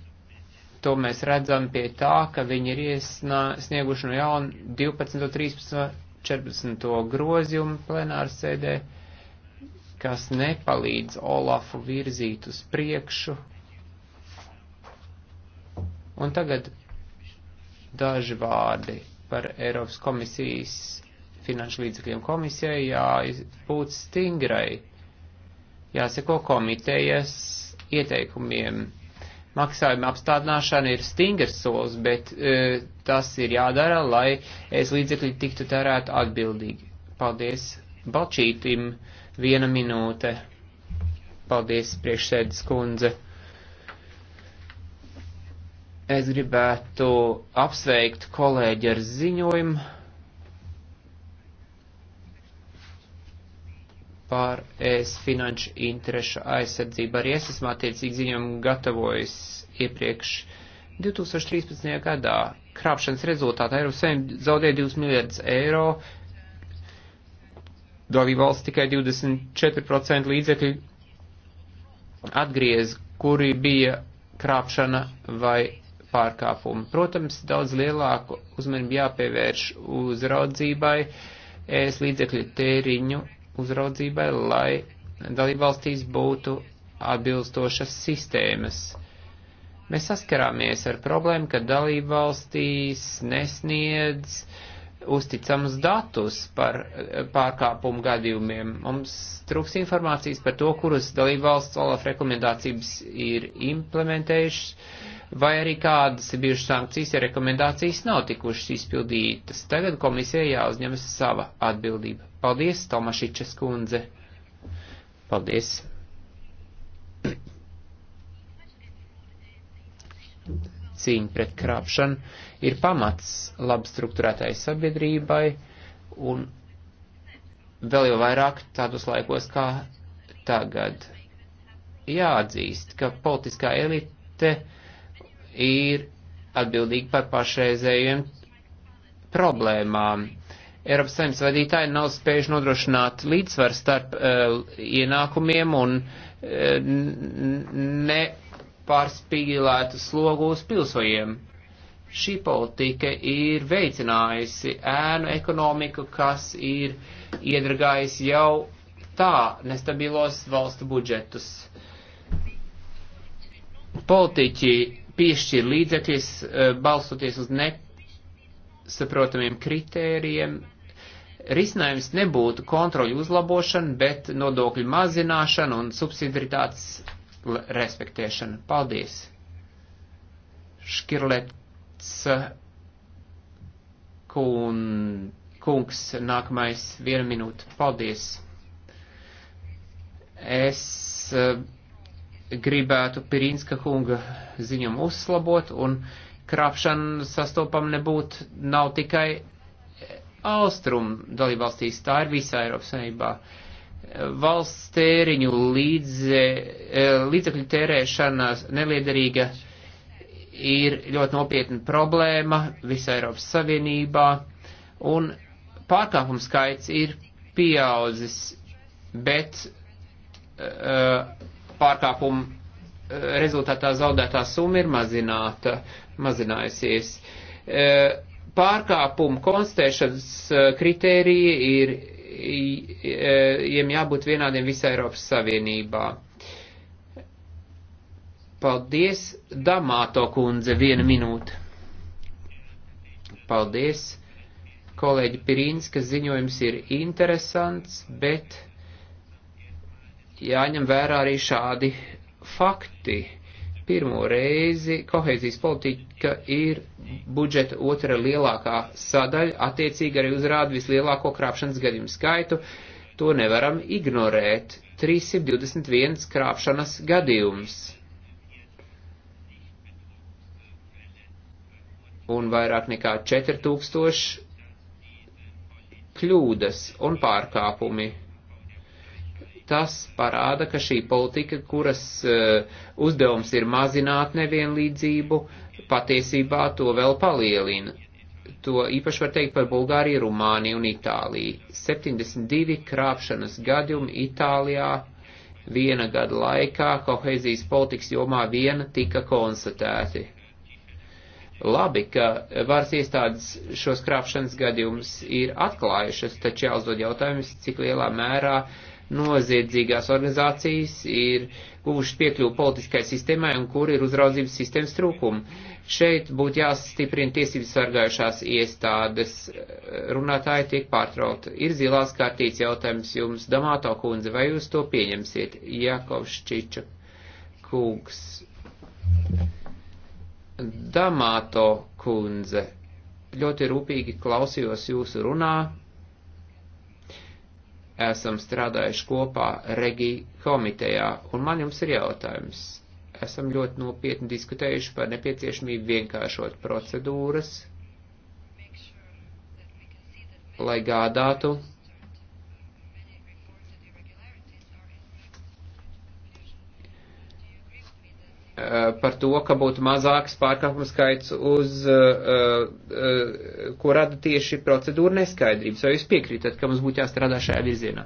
To mēs redzam pie tā, ka viņi ir iesnieguši no jauna 12, 13, 14 grozījumu plenāru sēdē, kas nepalīdz Olafu virzīt uz priekšu. Un tagad daži vārdi par Eiropas komisijas finanšu līdzekļiem komisijai jābūt stingrai jāseko komitejas ieteikumiem. Maksājuma apstādināšana ir stingrs solis, bet e, tas ir jādara, lai es līdzekļi tiktu tērēt atbildīgi. Paldies Balčītim, viena minūte. Paldies, priekšsēdis kundze. Es gribētu apsveikt kolēģi ar ziņojumu pār ES finanšu interešu aizsardzību. Arī es esmu attiecīgi ziņojumu gatavojis iepriekš 2013. gadā. Krāpšanas rezultātā Eiropas Savienība zaudēja 2 miljardus eiro, dalība valsts tikai 24% līdzekļu atgriez, kuri bija krāpšana vai pārkāpumi. Protams, daudz lielāku uzmanību jāpievērš uzraudzībai, ēs līdzekļu tēriņu uzraudzībai, lai dalībvalstīs būtu atbilstošas sistēmas. Mēs saskarāmies ar problēmu, ka dalībvalstīs nesniedz uzticamus datus par pārkāpumu gadījumiem. Mums trūks informācijas par to, kuras dalībvalsts Olaf rekomendācijas ir implementējušas vai arī kādas ir bijušas sankcijas, ja rekomendācijas nav tikušas izpildītas. Tagad komisija jāuzņemas sava atbildība. Paldies, Tomašičes kundze. Paldies. Cīņa pret krāpšanu ir pamats labi struktūrētai sabiedrībai un vēl jau vairāk tādos laikos kā tagad. Jāatzīst, ka politiskā elite ir atbildīgi par pašreizējiem problēmām. Eiropas saimnes vadītāji nav spējuši nodrošināt līdzsvaru starp uh, ienākumiem un uh, nepārspīlētu slogu uz pilsojiem. Šī politika ir veicinājusi ēnu ekonomiku, kas ir iedragājis jau tā nestabilos valstu budžetus. Politiķi piešķir līdzekļus eh, balstoties uz nesaprotamiem kritērijiem. Risinājums nebūtu kontroļu uzlabošana, bet nodokļu mazināšana un subsidiaritātes respektēšana. Paldies! Škirlets eh, kun, kungs nākamais viena minūte. Paldies! Es uh, gribētu Pirinska kunga ziņam uzslabot, un krāpšana sastopam nebūt nav tikai austrum dalībvalstīs, tā ir visā Eiropas Savienībā. Valsts tēriņu līdze, e, līdzekļu tērēšana neliederīga ir ļoti nopietna problēma visā Eiropas Savienībā, un pārkāpums skaits ir pieaudzis, bet uh, pārkāpumu eh, rezultātā zaudētā summa ir mazināta, mazinājusies. Eh, pārkāpumu konstatēšanas eh, kritērija ir, jiem jābūt vienādiem visā Eiropas Savienībā. Paldies, Damāto kundze, viena minūte. Paldies, kolēģi Pirīns, ka ziņojums ir interesants, bet jāņem vērā arī šādi fakti. Pirmo reizi kohēzijas politika ir budžeta otra lielākā sadaļa, attiecīgi arī uzrāda vislielāko krāpšanas gadījumu skaitu. To nevaram ignorēt. 321 krāpšanas gadījums. Un vairāk nekā 4000 kļūdas un pārkāpumi. Tas parāda, ka šī politika, kuras eh, uzdevums ir mazināt nevienlīdzību, patiesībā to vēl palielina. To īpaši var teikt par Bulgāriju, Rumāniju un Itāliju. 72 krāpšanas gadījumi Itālijā viena gada laikā kohēzijas politikas jomā viena tika konstatēti. Labi, ka varas iestādes šos krāpšanas gadījumus ir atklājušas, taču jāuzdod jautājums, cik lielā mērā noziedzīgās organizācijas ir guvušas piekļuvu politiskai sistēmai un kur ir uzraudzības sistēmas trūkumi. Šeit būtu jāstiprina tiesības sargājušās iestādes. Runātāji tiek pārtraukti. Ir zilās kārtīts jautājums jums, Damāto kundze, vai jūs to pieņemsiet? Jakovs Čiča kungs. Damāto kundze. Ļoti rūpīgi klausījos jūsu runā esam strādājuši kopā regī komitejā, un man jums ir jautājums. Esam ļoti nopietni diskutējuši par nepieciešamību vienkāršot procedūras, lai gādātu, Eh, par to, ka būtu mazāks pārkāpumu skaits, uz, eh, eh, ko rada tieši procedūra neskaidrības. Vai jūs piekrītat, ka mums būtu jāstrādā šajā virzienā?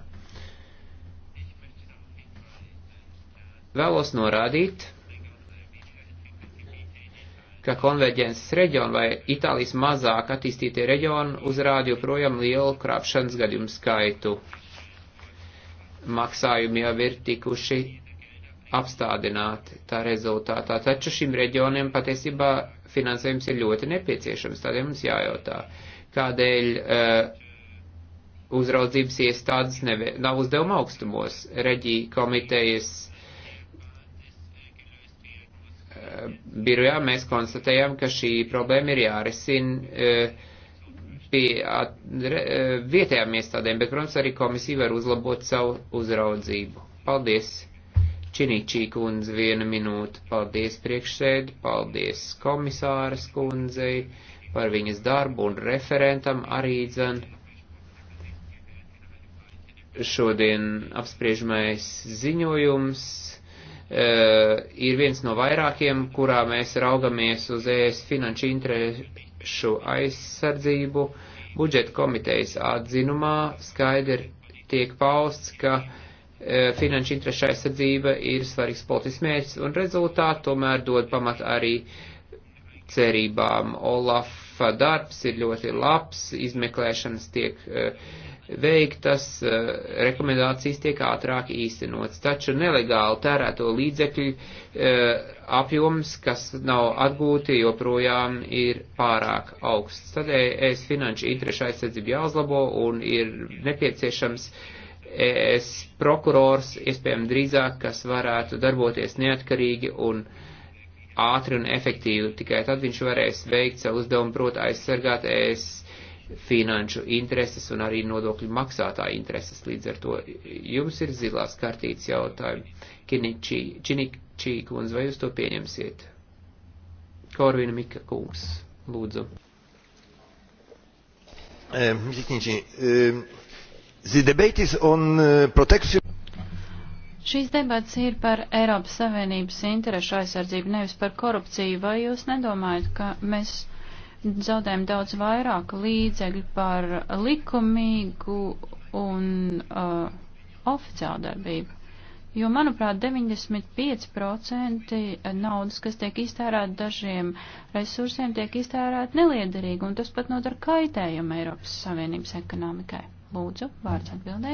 Vēlos norādīt, ka konverģences reģiona vai Itālijas mazāk attīstītie reģioni uzrāda joprojām lielu krāpšanas gadījumu skaitu. Maksājumi jau ir tikuši apstādināti tā rezultātā. Taču šim reģioniem patiesībā finansējums ir ļoti nepieciešams. Tādēļ mums jājautā, kādēļ uh, uzraudzības iestādes nevē, nav uzdevuma augstumos reģī komitejas. Uh, birojā mēs konstatējam, ka šī problēma ir jārisina uh, pie at, re, vietējām iestādēm, bet, protams, arī komisija var uzlabot savu uzraudzību. Paldies! Činīčī kundze viena minūte. Paldies priekšsēdi, paldies komisāras kundzei par viņas darbu un referentam arī dzen. Šodien apspriežamais ziņojums e, ir viens no vairākiem, kurā mēs raugamies uz ES finanšu interešu aizsardzību. Budžeta komitejas atzinumā skaidri tiek pausts, ka e, Eh, finanšu interešu aizsardzība ir svarīgs politisks mērķis un rezultāti tomēr dod pamat arī cerībām. Olafa darbs ir ļoti labs, izmeklēšanas tiek eh, veiktas, eh, rekomendācijas tiek ātrāk īstenotas. Taču nelegāli tērēto līdzekļu apjoms, kas nav atgūti, joprojām ir pārāk augsts. Tādēļ es finanšu interešu aizsardzību jāuzlabo un ir nepieciešams uh, ES prokurors, iespējams drīzāk, kas varētu darboties neatkarīgi un ātri un efektīvi. Tikai tad viņš varēs veikt savu uzdevumu, proti aizsargāt ES finanšu intereses un arī nodokļu maksātāju intereses. Līdz ar to jums ir zilās kartītes jautājumi. Kiničī, Činičī kundz, vai jūs to pieņemsiet? Korvina Mika kungs, lūdzu. Um, Uh, Šīs debats ir par Eiropas Savienības interešu aizsardzību, nevis par korupciju. Vai jūs nedomājat, ka mēs zaudējam daudz vairāk līdzekļu par likumīgu un uh, oficiālu darbību? Jo, manuprāt, 95% naudas, kas tiek iztērēta dažiem resursiem, tiek iztērēta neliederīgi, un tas pat nodara kaitējumu Eiropas Savienības ekonomikai. Lūdzu, vārds atbildē.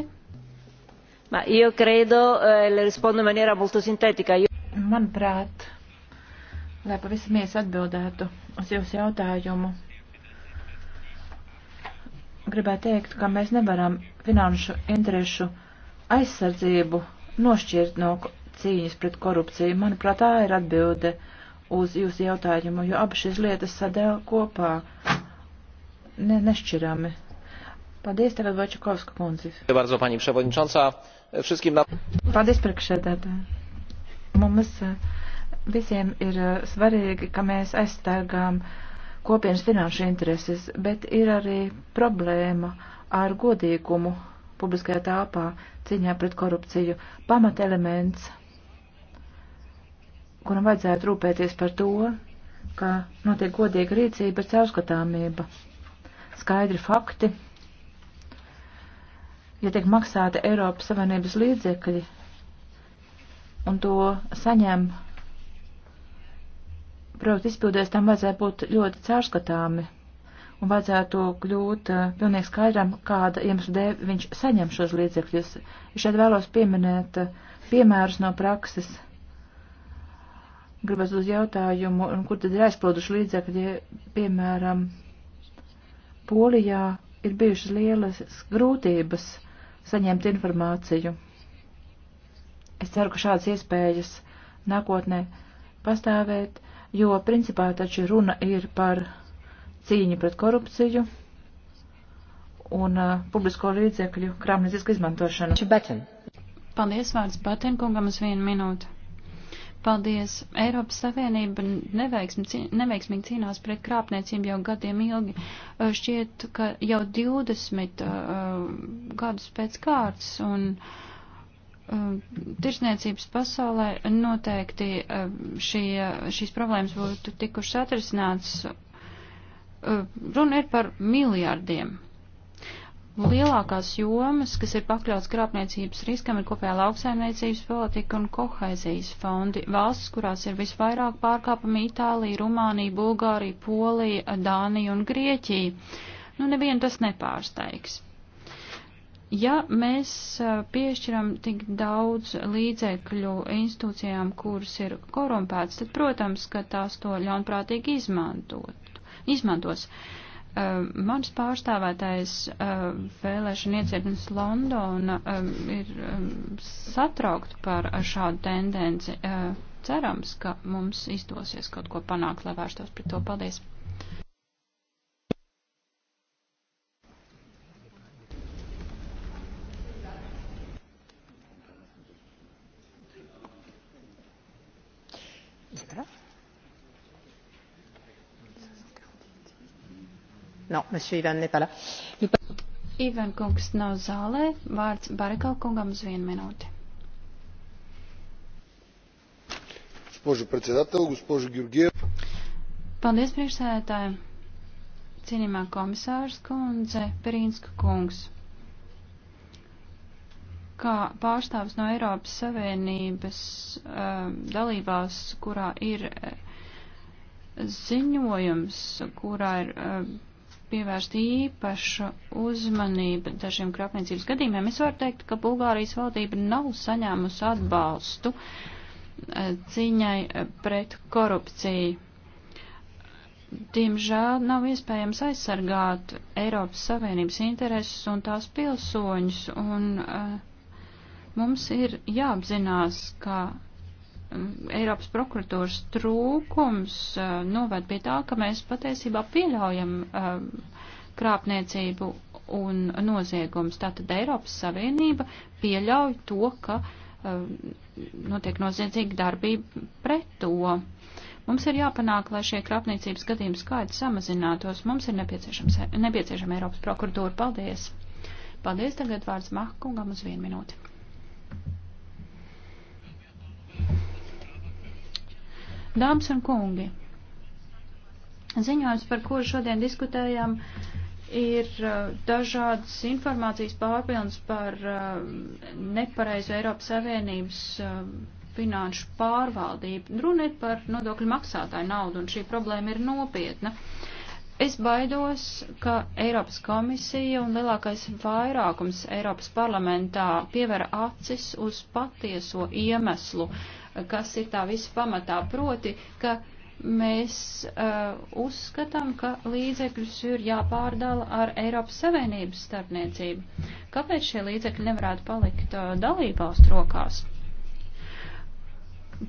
Io credo, eh, le rispondo in maniera molto sintetica. Io... Manuprāt, lai pavisam ies atbildētu uz jūsu jautājumu, gribētu teikt, ka mēs nevaram finanšu interešu aizsardzību nošķirt no cīņas pret korupciju. Manuprāt, tā ir atbilde uz jūsu jautājumu, jo abas šīs lietas sadēl kopā ne, nešķirami. Paldies, tagad Vačakovska kundzis. Bardzo, pani prevodničansā. Všetkým na... Paldies, priekšsēdētāji. Mums eh, visiem ir eh, svarīgi, ka mēs aizstāgām kopienas finanšu intereses, bet ir arī problēma ar godīgumu publiskajā tāpā cīņā pret korupciju. Pamatelements, kuram vajadzētu rūpēties par to, ka notiek godīga rīcība, caurskatāmība, skaidri fakti ja tiek maksāta Eiropas Savienības līdzekļi un to saņem projektu izpildēs, tam vajadzētu būt ļoti caurskatāmi un vajadzētu kļūt uh, pilnīgi skaidram, kāda iemesla dēļ viņš saņem šos līdzekļus. Es šeit vēlos pieminēt uh, piemērus no prakses. Gribētu uz jautājumu, un kur tad ir aizplūduši līdzekļi, piemēram, Polijā ir bijušas lielas grūtības saņemt informāciju. Es ceru, ka šādas iespējas nākotnē pastāvēt, jo principā taču runa ir par cīņu pret korupciju un uh, publisko līdzekļu krāpniecisku izmantošanu. Paldies vārds Batenkungam uz vienu minūtu. Paldies! Eiropas Savienība neveiksmi, neveiksmīgi cīnās pret krāpniecību jau gadiem ilgi. Šķiet, ka jau 20 uh, gadus pēc kārtas un uh, tirsniecības pasaulē noteikti uh, šie, šīs problēmas būtu tikušas atrisināts. Uh, runa ir par miljārdiem Lielākās jomas, kas ir pakļauts krāpniecības riskam, ir kopējā lauksaimniecības politika un kohēzijas fondi. Valstis, kurās ir visvairāk pārkāpumi - Itālija, Rumānija, Bulgārija, Polija, Dānija un Grieķija. Nu, nevienu tas nepārsteigs. Ja mēs piešķiram tik daudz līdzekļu institūcijām, kuras ir korumpētas, tad, protams, ka tās to ļaunprātīgi izmantot, izmantos. izmantos Eh, mans pārstāvētais eh, vēlēšana iecirknis Londona eh, ir satraukt par šādu tendenci. Cerams, ka mums izdosies kaut ko panākt, lai vērstos pret to. Paldies! Yeah. No, Ivan, Ivan kungs nav zālē. Vārds Barikal kungam uz vienu minūti. Spožu predsedatel, gospožu Georgiev. Paldies, priekšsēdētāji. Cienījumā komisārs kundze, Perīnska kungs. Kā pārstāvs no Eiropas Savienības uh, dalībās, kurā ir uh, ziņojums, kurā ir uh, pievērst īpašu uzmanību dažiem krāpniecības gadījumiem. Es varu teikt, ka Bulgārijas valdība nav saņēmusi atbalstu eh, cīņai eh, pret korupciju. Diemžēl nav iespējams aizsargāt Eiropas Savienības intereses un tās pilsoņus, un uh, mums ir jāapzinās, ka Um, Eiropas prokuratūras trūkums uh, noved pie tā, ka mēs patiesībā pieļaujam um, krāpniecību un noziegums. Tātad Eiropas Savienība pieļauj to, ka um, notiek noziedzīga darbība pret to. Mums ir jāpanāk, lai šie krāpniecības gadījumi skaits samazinātos. Mums ir nepieciešama Eiropas prokuratūra. Paldies! Paldies! Tagad vārds Mahkungam uz vienu minūti. Dāmas un kungi, ziņojums, par kuru šodien diskutējām, ir uh, dažādas informācijas pārpilns par uh, nepareizu Eiropas Savienības uh, finanšu pārvaldību. Runa ir par nodokļu maksātāju naudu, un šī problēma ir nopietna. Es baidos, ka Eiropas komisija un lielākais vairākums Eiropas parlamentā pievera acis uz patieso iemeslu uh, kas ir tā visa pamatā, proti, ka mēs uh, uzskatām, ka līdzekļus ir jāpārdala ar Eiropas Savienības starpniecību. Kāpēc šie līdzekļi nevarētu palikt uh, dalībvalstu rokās?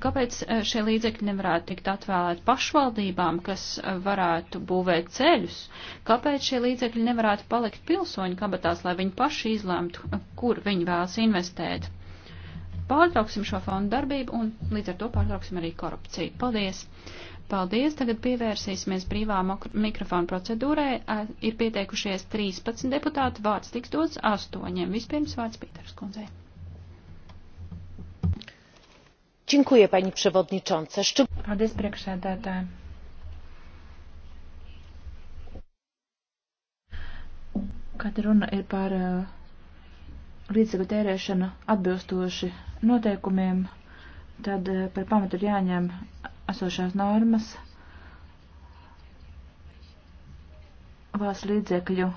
Kāpēc uh, šie līdzekļi nevarētu tikt atvēlēti pašvaldībām, kas uh, varētu būvēt ceļus? Kāpēc šie līdzekļi nevarētu palikt pilsoņu kabatās, lai viņi paši izlemtu, uh, kur viņi vēlas investēt? pārtrauksim šo fondu darbību un līdz ar to pārtrauksim arī korupciju. Paldies! Paldies! Tagad pievērsīsimies brīvā mikrofona procedūrai. Ir pieteikušies 13 deputāti, vārds tiks dots 8. Vispirms vārds Pīters kundzei. Dziękuję pani przewodnicząca. Szczy... Paldies, priekšsēdētāji. Kad runa ir par uh, līdzekļu tērēšana atbilstoši noteikumiem, tad eh, par pamatu ir jāņem esošās normas, valsts līdzekļu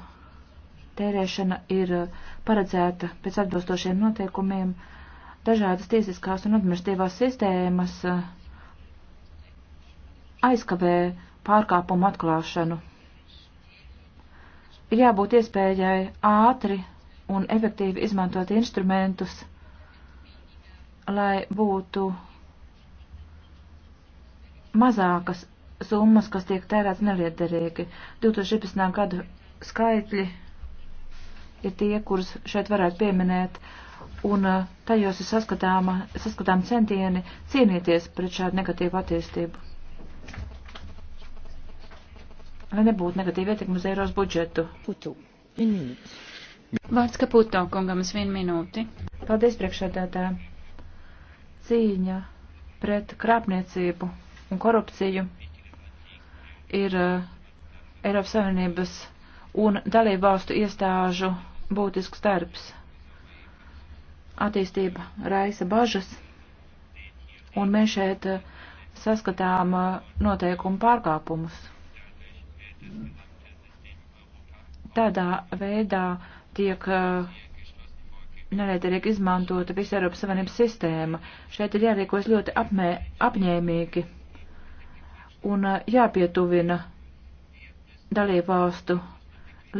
tērēšana ir eh, paredzēta pēc atbilstošiem noteikumiem, dažādas tiesiskās un administratīvās sistēmas eh, aizkavē pārkāpumu atklāšanu. Ir jābūt iespējai ātri un efektīvi izmantot instrumentus, lai būtu mazākas summas, kas tiek tērēts neliederīgi. 2017. gadu skaitļi ir tie, kurus šeit varētu pieminēt, un uh, tajos ir saskatāma, saskatām centieni cīnīties pret šādu negatīvu attīstību. Lai nebūtu negatīva ietekme uz Eiros budžetu. Putu. Minūtes. Vārds Kaputo kungam uz vienu minūti. Paldies, priekšādātā. Cīņa pret krāpniecību un korupciju ir uh, Eiropas Savienības un dalību valstu iestāžu būtisks darbs. Attīstība raisa bažas, un mēs šeit uh, saskatām uh, noteikumu pārkāpumus. Tādā veidā uh, tiek eh, nereiterīgi izmantota visa Eiropas Savienības sistēma. Šeit ir jārīkojas ļoti apmē, apņēmīgi un eh, jāpietuvina dalībvalstu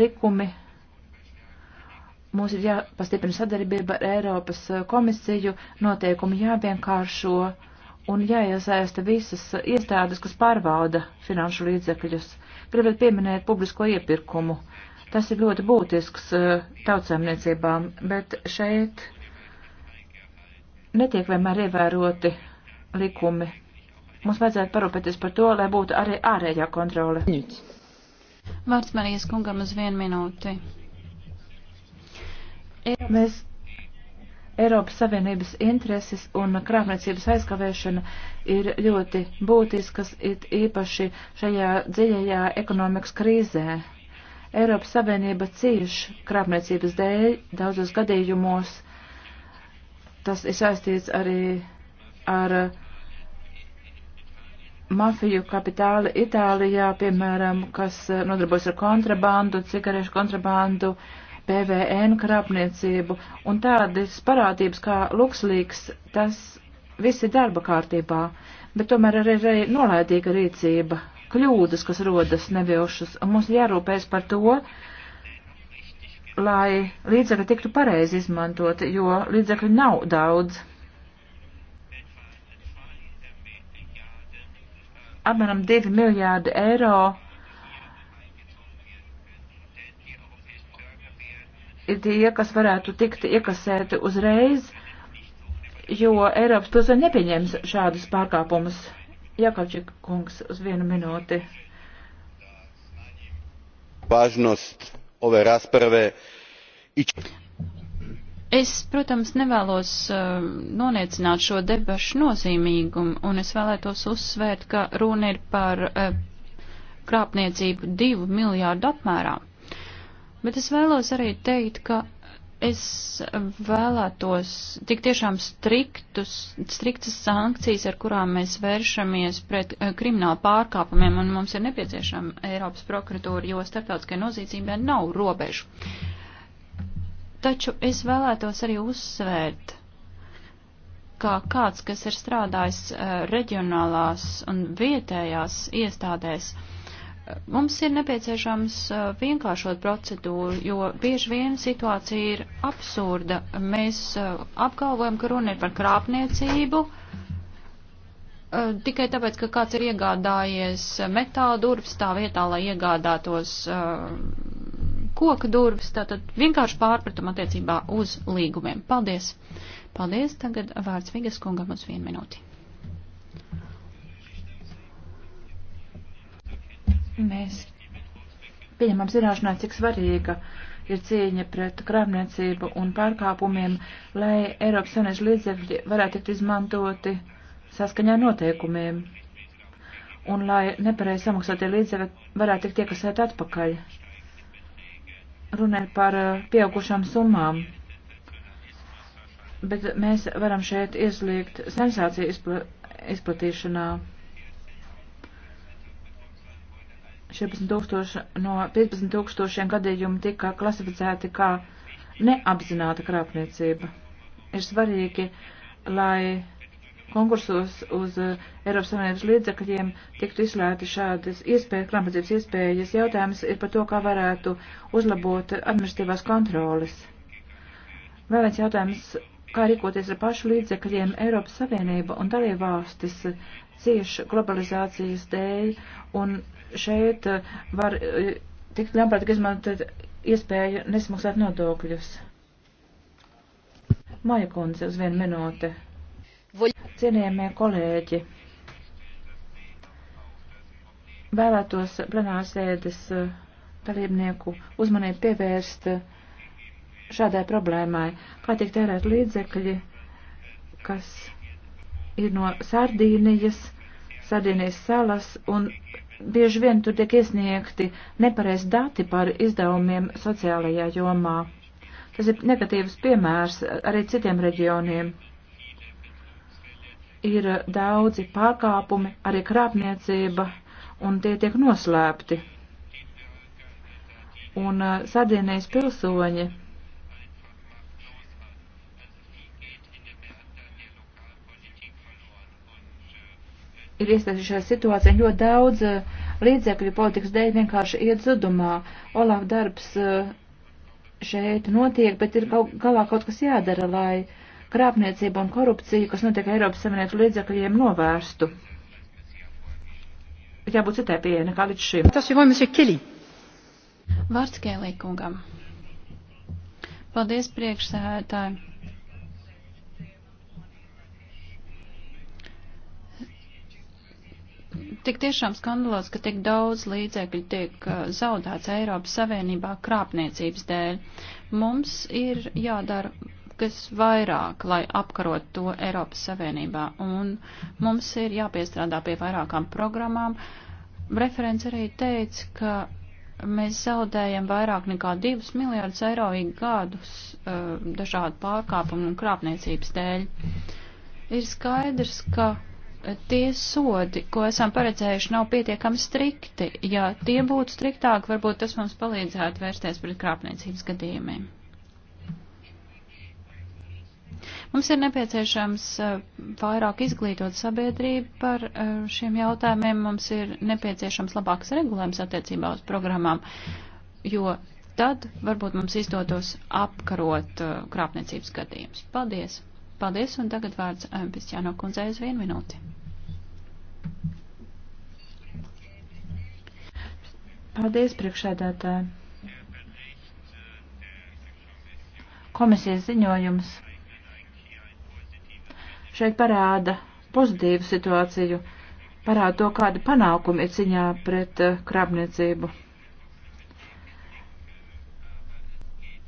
likumi. Mums ir jāpastiprina sadarbība ar Eiropas eh, komisiju, noteikumi jāvienkāršo un jāiesaista visas iestādes, kas pārvalda finanšu līdzekļus. Gribat pieminēt publisko iepirkumu. Uh, Tas ir ļoti būtisks eh, tautsēmniecībām, bet šeit netiek vienmēr ievēroti likumi. Mums vajadzētu parūpēties par to, lai būtu arī ārējā kontrole. Vārds Marijas kungam uz vienu minūti. Mēs Eiropas Savienības intereses un krāpniecības aizkavēšana ir ļoti būtiskas, it īpaši šajā dziļajā ekonomikas krīzē. Eiropas Savienība cieši krāpniecības dēļ daudzos gadījumos. Tas ir saistīts arī ar mafiju kapitāli Itālijā, piemēram, kas nodarbojas ar kontrabandu, cigarešu kontrabandu, PVN krāpniecību un tādas parādības kā luksulīgs, tas viss ir darba kārtībā, bet tomēr arī, arī nolaidīga rīcība kļūdas, kas rodas nevilšas, un mums jārūpēs par to, lai līdzekļi tiktu pareizi izmantoti, jo līdzekļi nav daudz. Apmēram 2 miljārdi eiro ir tie, kas varētu tikt iekasēti uzreiz, jo Eiropas pilsēta nepieņems šādus pārkāpumus Jakovčik kungs uz vienu minūti. Važnost ove rasprave. Es, protams, nevēlos uh, noniecināt šo debašu nozīmīgumu, un es vēlētos uzsvērt, ka runa ir par uh, krāpniecību divu miljārdu apmērā. Bet es vēlos arī teikt, ka Es vēlētos tik tiešām striktus, striktas sankcijas, ar kurām mēs vēršamies pret eh, kriminālu pārkāpumiem, un mums ir nepieciešama Eiropas prokuratūra, jo starptautiskai nozīcībai nav robežu. Taču es vēlētos arī uzsvērt, kā kāds, kas ir strādājis eh, reģionālās un vietējās iestādēs, uh, Mums ir nepieciešams uh, vienkāršot procedūru, jo bieži vien situācija ir absurda. Mēs uh, apgalvojam, ka runa ir par krāpniecību uh, tikai tāpēc, ka kāds ir iegādājies metāla durvis tā vietā, lai iegādātos koka durvis, tātad vienkārši pārpratuma attiecībā uz līgumiem. Paldies! Paldies! Tagad vārds Vigas kungam uz vienu minūti. Mēs pieņemam zināšanā, cik svarīga ir cīņa pret krāpniecību un pārkāpumiem, lai Eiropas Savienības līdzekļi varētu tikt izmantoti saskaņā noteikumiem un lai nepareiz samaksātie līdzekļi varētu tikt iekasēt atpakaļ. Runēt par uh, pieaugušām summām, bet mēs varam šeit ieslīgt sensāciju izpl izplatīšanā. 14 no 15 tūkstošiem gadījumu tika klasificēti kā neapzināta krāpniecība. Ir svarīgi, lai konkursos uz eh, Eiropas Savienības līdzekļiem tiktu izslēgti šādas iespējas, krāpniecības iespējas. Jautājums ir par to, kā varētu uzlabot administratīvās kontroles. Vēl viens jautājums, kā rīkoties ar pašu līdzekļiem Eiropas Savienība un dalībvalstis cieši globalizācijas dēļ un šeit eh, var eh, tikt ļaunprātīgi izmantot iespēju nesmaksāt nodokļus. Maja kundze uz vienu minūti. Cienījamie kolēģi, vēlētos plenārsēdes eh, dalībnieku uzmanību pievērst šādai problēmai, kā tiek tērēt līdzekļi, kas ir no Sardīnijas Sardīnijas salas, un bieži vien tur tiek iesniegti nepareizi dati par izdevumiem sociālajā jomā. Tas ir negatīvs piemērs arī citiem reģioniem. Ir daudzi pārkāpumi, arī krāpniecība, un tie tiek noslēpti. Un eh, Sardīnijas pilsoņi ir iesaistījušās situācijā, jo daudz eh, līdzekļu politikas dēļ vienkārši iet zudumā. Olaf darbs eh, šeit notiek, bet ir galā kaut kas jādara, lai krāpniecība un korupcija, kas notiek Eiropas Savienības līdzekļiem, novērstu. Jābūt citai pieeja nekā līdz šim. Tas ir mums ir Kili. Vārds Kēlī kungam. Paldies priekšsēdētāji. Tik tiešām skandalos, ka tik daudz līdzekļu tiek uh, zaudēts Eiropas Savienībā krāpniecības dēļ. Mums ir jādara kas vairāk, lai apkarot to Eiropas Savienībā, un mums ir jāpiestrādā pie vairākām programmām. Referents arī teica, ka mēs zaudējam vairāk nekā 2 miljārdus eiro ik gadus uh, dažādu pārkāpumu un krāpniecības dēļ. Ir skaidrs, ka tie sodi, ko esam paredzējuši, nav pietiekami strikti. Ja tie būtu striktāki, varbūt tas mums palīdzētu vērsties pret krāpniecības gadījumiem. Mums ir nepieciešams eh, vairāk izglītot sabiedrību par eh, šiem jautājumiem, mums ir nepieciešams labāks regulējums attiecībā uz programmām, jo tad varbūt mums izdotos apkarot eh, krāpniecības gadījumus. Paldies! Paldies, un tagad vārds Pisjāno kundzei uz vienu minūti. Paldies, priekšēdētāji. Komisijas ziņojums šeit parāda pozitīvu situāciju, parāda to, kāda panākuma ir ciņā pret eh, krāpniecību.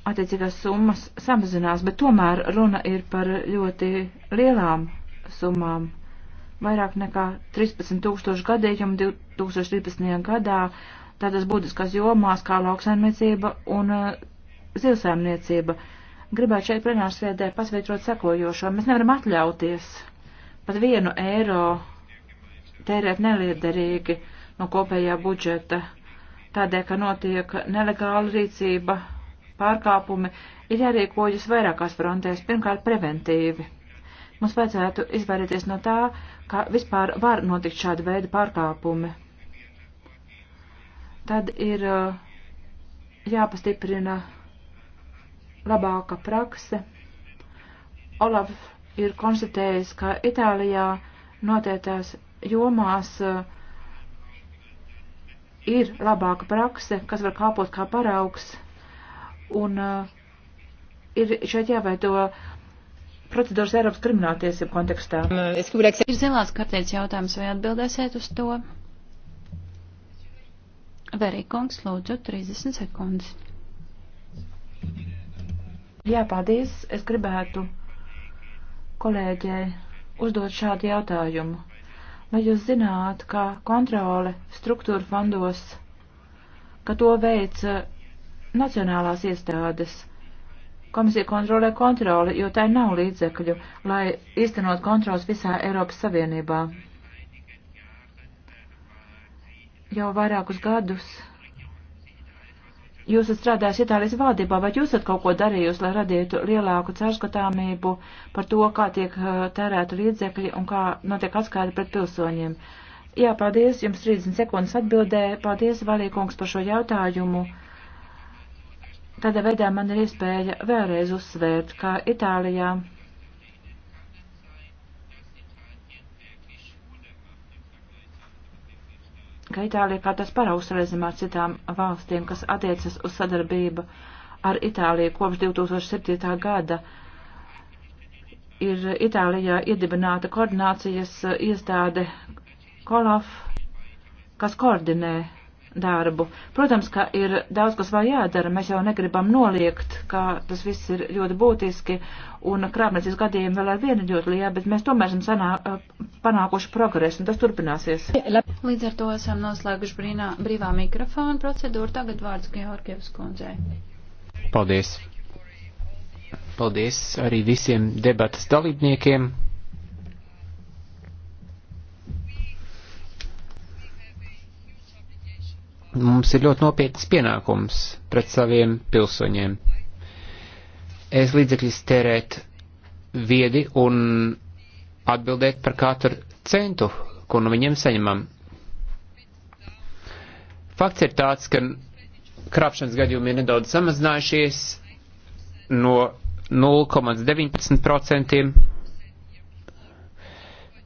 attiecīgās summas samazinās, bet tomēr runa ir par ļoti lielām summām vairāk nekā 13 tūkstoši gadījumu 2013. gadā tādās būtiskās jomās kā lauksaimniecība un uh, zilsaimniecība. Gribētu šeit plenārsēdē pasveitrot sekojošo. Mēs nevaram atļauties pat vienu eiro tērēt neliederīgi no kopējā budžeta, tādēļ, ka notiek nelegāla rīcība, pārkāpumi, ir jārīkojas vairākās frontēs, pirmkārt preventīvi Mums vajadzētu izvairīties no tā, ka vispār var notikt šāda veida pārkāpumi. Tad ir uh, jāpastiprina labāka prakse. Olaf ir konstatējis, ka Itālijā noteiktās jomās uh, ir labāka prakse, kas var kalpot kā paraugs, un uh, ir šeit jāveido procedūras Eiropas krimināltiesību kontekstā. Ir zilās kartēļas jautājums, vai atbildēsiet uz to? Verīkungs, lūdzu, 30 sekundes. Jā, paldies. Es gribētu kolēģei uzdot šādu jautājumu. Vai jūs zināt, ka kontrole struktūra fondos, ka to veica eh, nacionālās iestādes? Komisija kontrolē kontroli, jo tai nav līdzekļu, lai īstenot kontrols visā Eiropas Savienībā. Jau vairākus gadus jūs esat strādājis Itālijas valdībā, vai jūs esat kaut ko darījusi, lai radītu lielāku caurskatāmību par to, kā tiek uh, tērēta līdzekļi un kā notiek atskaita pret pilsoņiem? Jā, paldies, jums 30 sekundes atbildē. Paldies, Valīkungs, par šo jautājumu. Tādā veidā man ir iespēja vēlreiz uzsvērt, ka Itālijā ka Itālija kā tas paraugs reizēm ar citām valstīm, kas attiecas uz sadarbību ar Itāliju kopš 2007. gada, ir Itālijā iedibināta koordinācijas iestāde Kolaf, kas koordinē darbu. Protams, ka ir daudz, kas vēl jādara. Mēs jau negribam noliegt, ka tas viss ir ļoti būtiski un krāpniecības gadījumi vēl ar vienu ļoti lielu, bet mēs tomēr esam sanā, eh, panākuši progresu un tas turpināsies. Līdz ar to esam noslēguši brīnā, brīvā mikrofona procedūru. Tagad vārds Georgievs kundzei. Paldies. Paldies arī visiem debatas dalībniekiem. Mums ir ļoti nopietnas pienākums pret saviem pilsoņiem. Es līdzekļus tērēt viedi un atbildēt par katru centu, ko no viņiem saņemam. Fakts ir tāds, ka krāpšanas gadījumi ir nedaudz samazinājušies no 0,19%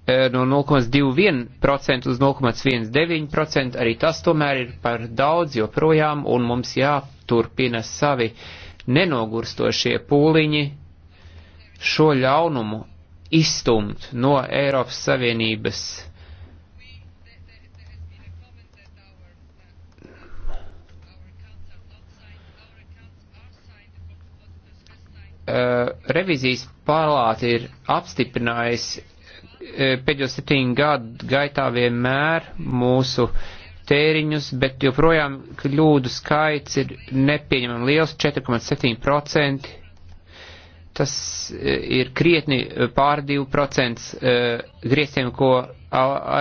Eh, no 0,21% uz 0,19%, arī tas tomēr ir par daudz joprojām, un mums jāturpina savi nenogurstošie pūliņi šo ļaunumu izstumt no Eiropas Savienības. Eh, revizijas palāta ir apstiprinājusi Eh, pēdējo septiņu gadu gaitā vienmēr mūsu tēriņus, bet joprojām kļūdu skaits ir nepieņemami liels - 4,7%. Tas eh, ir krietni eh, pār 2% grieztiem, ko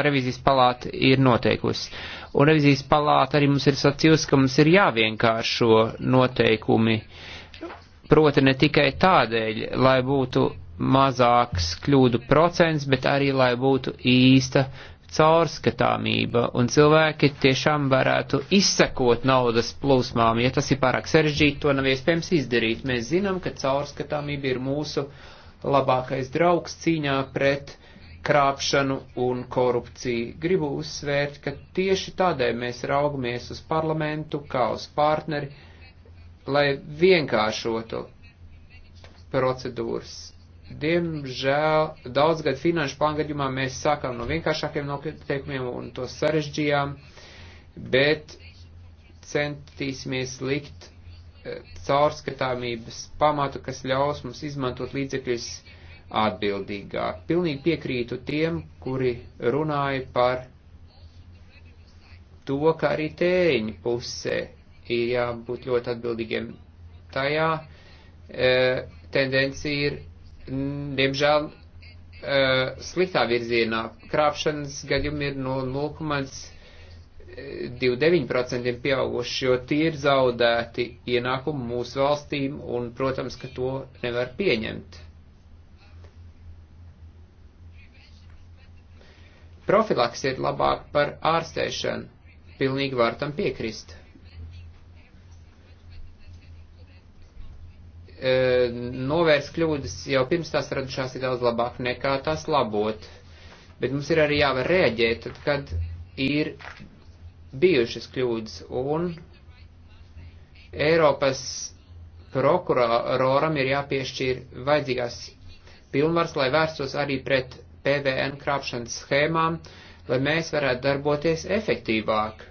revizijas palāta ir noteikusi. Un revizijas palāta arī mums ir sacījusi, ka mums ir jāvienkāršo noteikumi. Proti ne tikai tādēļ, lai būtu mazāks kļūdu procents, bet arī, lai būtu īsta caurskatāmība un cilvēki tiešām varētu izsekot naudas plūsmām. Ja tas ir pārāk sarežģīti, to nav iespējams izdarīt. Mēs zinām, ka caurskatāmība ir mūsu labākais draugs cīņā pret krāpšanu un korupciju. Gribu uzsvērt, ka tieši tādēļ mēs raugamies uz parlamentu kā uz partneri, lai vienkāršotu procedūras Diemžēl daudzgad finanšu plānu gadījumā mēs sākām no vienkāršākiem noteikumiem un to sarežģījām, bet centīsimies likt eh, caurskatāmības pamatu, kas ļaus mums izmantot līdzekļus atbildīgāk. Pilnīgi piekrītu tiem, kuri runāja par to, ka arī tēņu pusē ir jābūt ļoti atbildīgiem. Tajā e, tendencija ir Mm, diemžēl, eh, sliktā virzienā. Krāpšanas gadījumi ir no 0,29% eh, pieauguši, jo tie ir zaudēti ienākumi mūsu valstīm un, protams, ka to nevar pieņemt. Profilaks ir labāk par ārstēšanu. Pilnīgi var tam piekrist. E, novērst kļūdas jau pirms tās radušās ir daudz labāk nekā tās labot. Bet mums ir arī jāvar rēģēt, tad, kad ir bijušas kļūdas. Un Eiropas prokuroram ir jāpiešķir vajadzīgās pilnvars, lai vērstos arī pret PVN krāpšanas schēmām, lai mēs varētu darboties efektīvāk.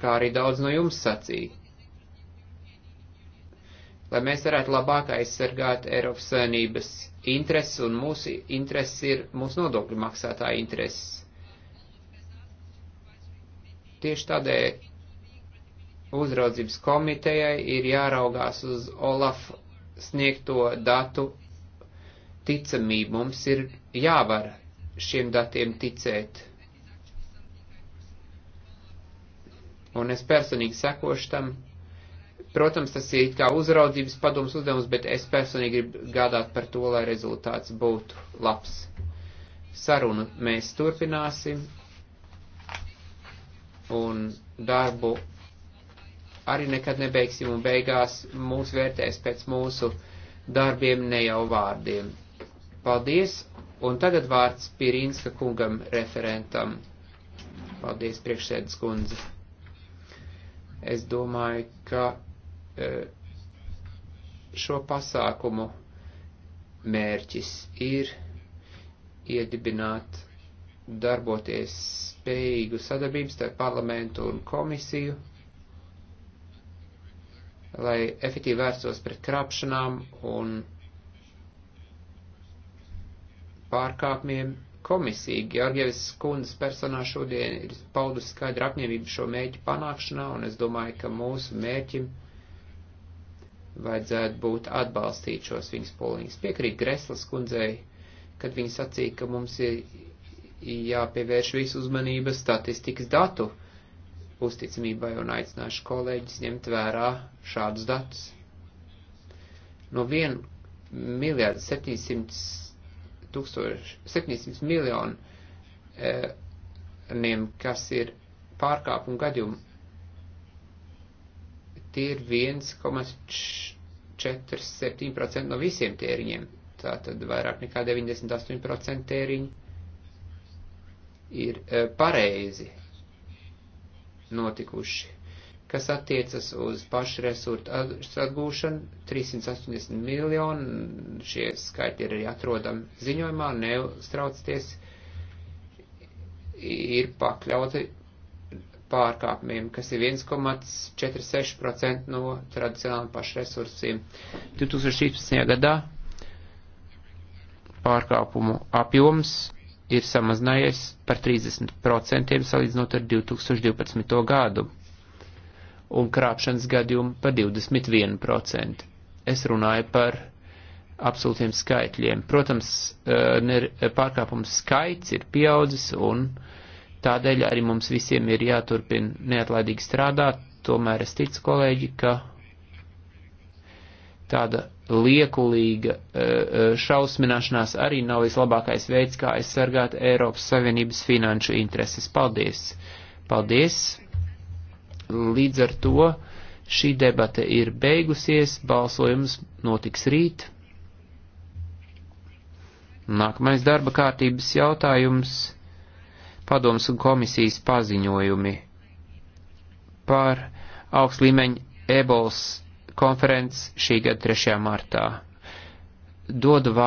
kā arī daudz no jums sacīja. Lai mēs varētu labāk aizsargāt Eiropas Savienības intereses, un mūsu intereses ir mūsu nodokļu maksātāja intereses. Tieši tādēļ uzraudzības komitejai ir jāraugās uz Olaf sniegto datu ticamību. Mums ir jāvar šiem datiem ticēt. un es personīgi sekošu tam. Protams, tas ir kā uzraudzības padoms uzdevums, bet es personīgi gribu gādāt par to, lai rezultāts būtu labs. Sarunu mēs turpināsim un darbu arī nekad nebeigsim un beigās mūs vērtēs pēc mūsu darbiem, ne jau vārdiem. Paldies, un tagad vārds Pirīnska kungam referentam. Paldies, priekšsēdas kundze. Es domāju, ka e, šo pasākumu mērķis ir iedibināt darboties spējīgu sadarbības starp parlamentu un komisiju, lai efektīvi vērstos pret krāpšanām un pārkāpumiem komisija. Georgievis kundas personā šodien ir paudus skaidru apņēmību šo mērķu panākšanā, un es domāju, ka mūsu mērķim vajadzētu būt atbalstīt šos viņas poliņus. Piekrīt Greslas kundzei, kad viņa sacīja, ka mums ir jāpievērš visu uzmanību statistikas datu uzticamībai un aicināšu kolēģis ņemt vērā šādus datus. No 1 miljārda 700 700 miljoniem, eh, kas ir pārkāpumu gadījumi, tie ir 1,47% no visiem tēriņiem. Tātad vairāk nekā 98% tēriņi ir eh, pareizi notikuši kas attiecas uz pašu resursu atgūšanu, 380 miljonu, šie skaitļi ir arī atrodami ziņojumā, neustraucties, ir pakļauti pārkāpumiem, kas ir 1,46% no tradicionāliem pašresursiem. 2016. gadā pārkāpumu apjoms ir samazinājies par 30% salīdzinot ar 2012. gadu un krāpšanas gadījumu par 21%. Es runāju par absolūtiem skaitļiem. Protams, eh, pārkāpumu skaits ir pieaudzis un tādēļ arī mums visiem ir jāturpina neatlaidīgi strādāt. Tomēr es ticu, kolēģi, ka tāda liekulīga eh, eh, šausmināšanās arī nav vislabākais veids, kā aizsargāt Eiropas Savienības finanšu intereses. Paldies! Paldies! Līdz ar to šī debate ir beigusies, balsojums notiks rīt. Nākamais darba kārtības jautājums - padoms un komisijas paziņojumi par augstlīmeņa ebols konferences šī gada 3. martā. Dodu vārdu.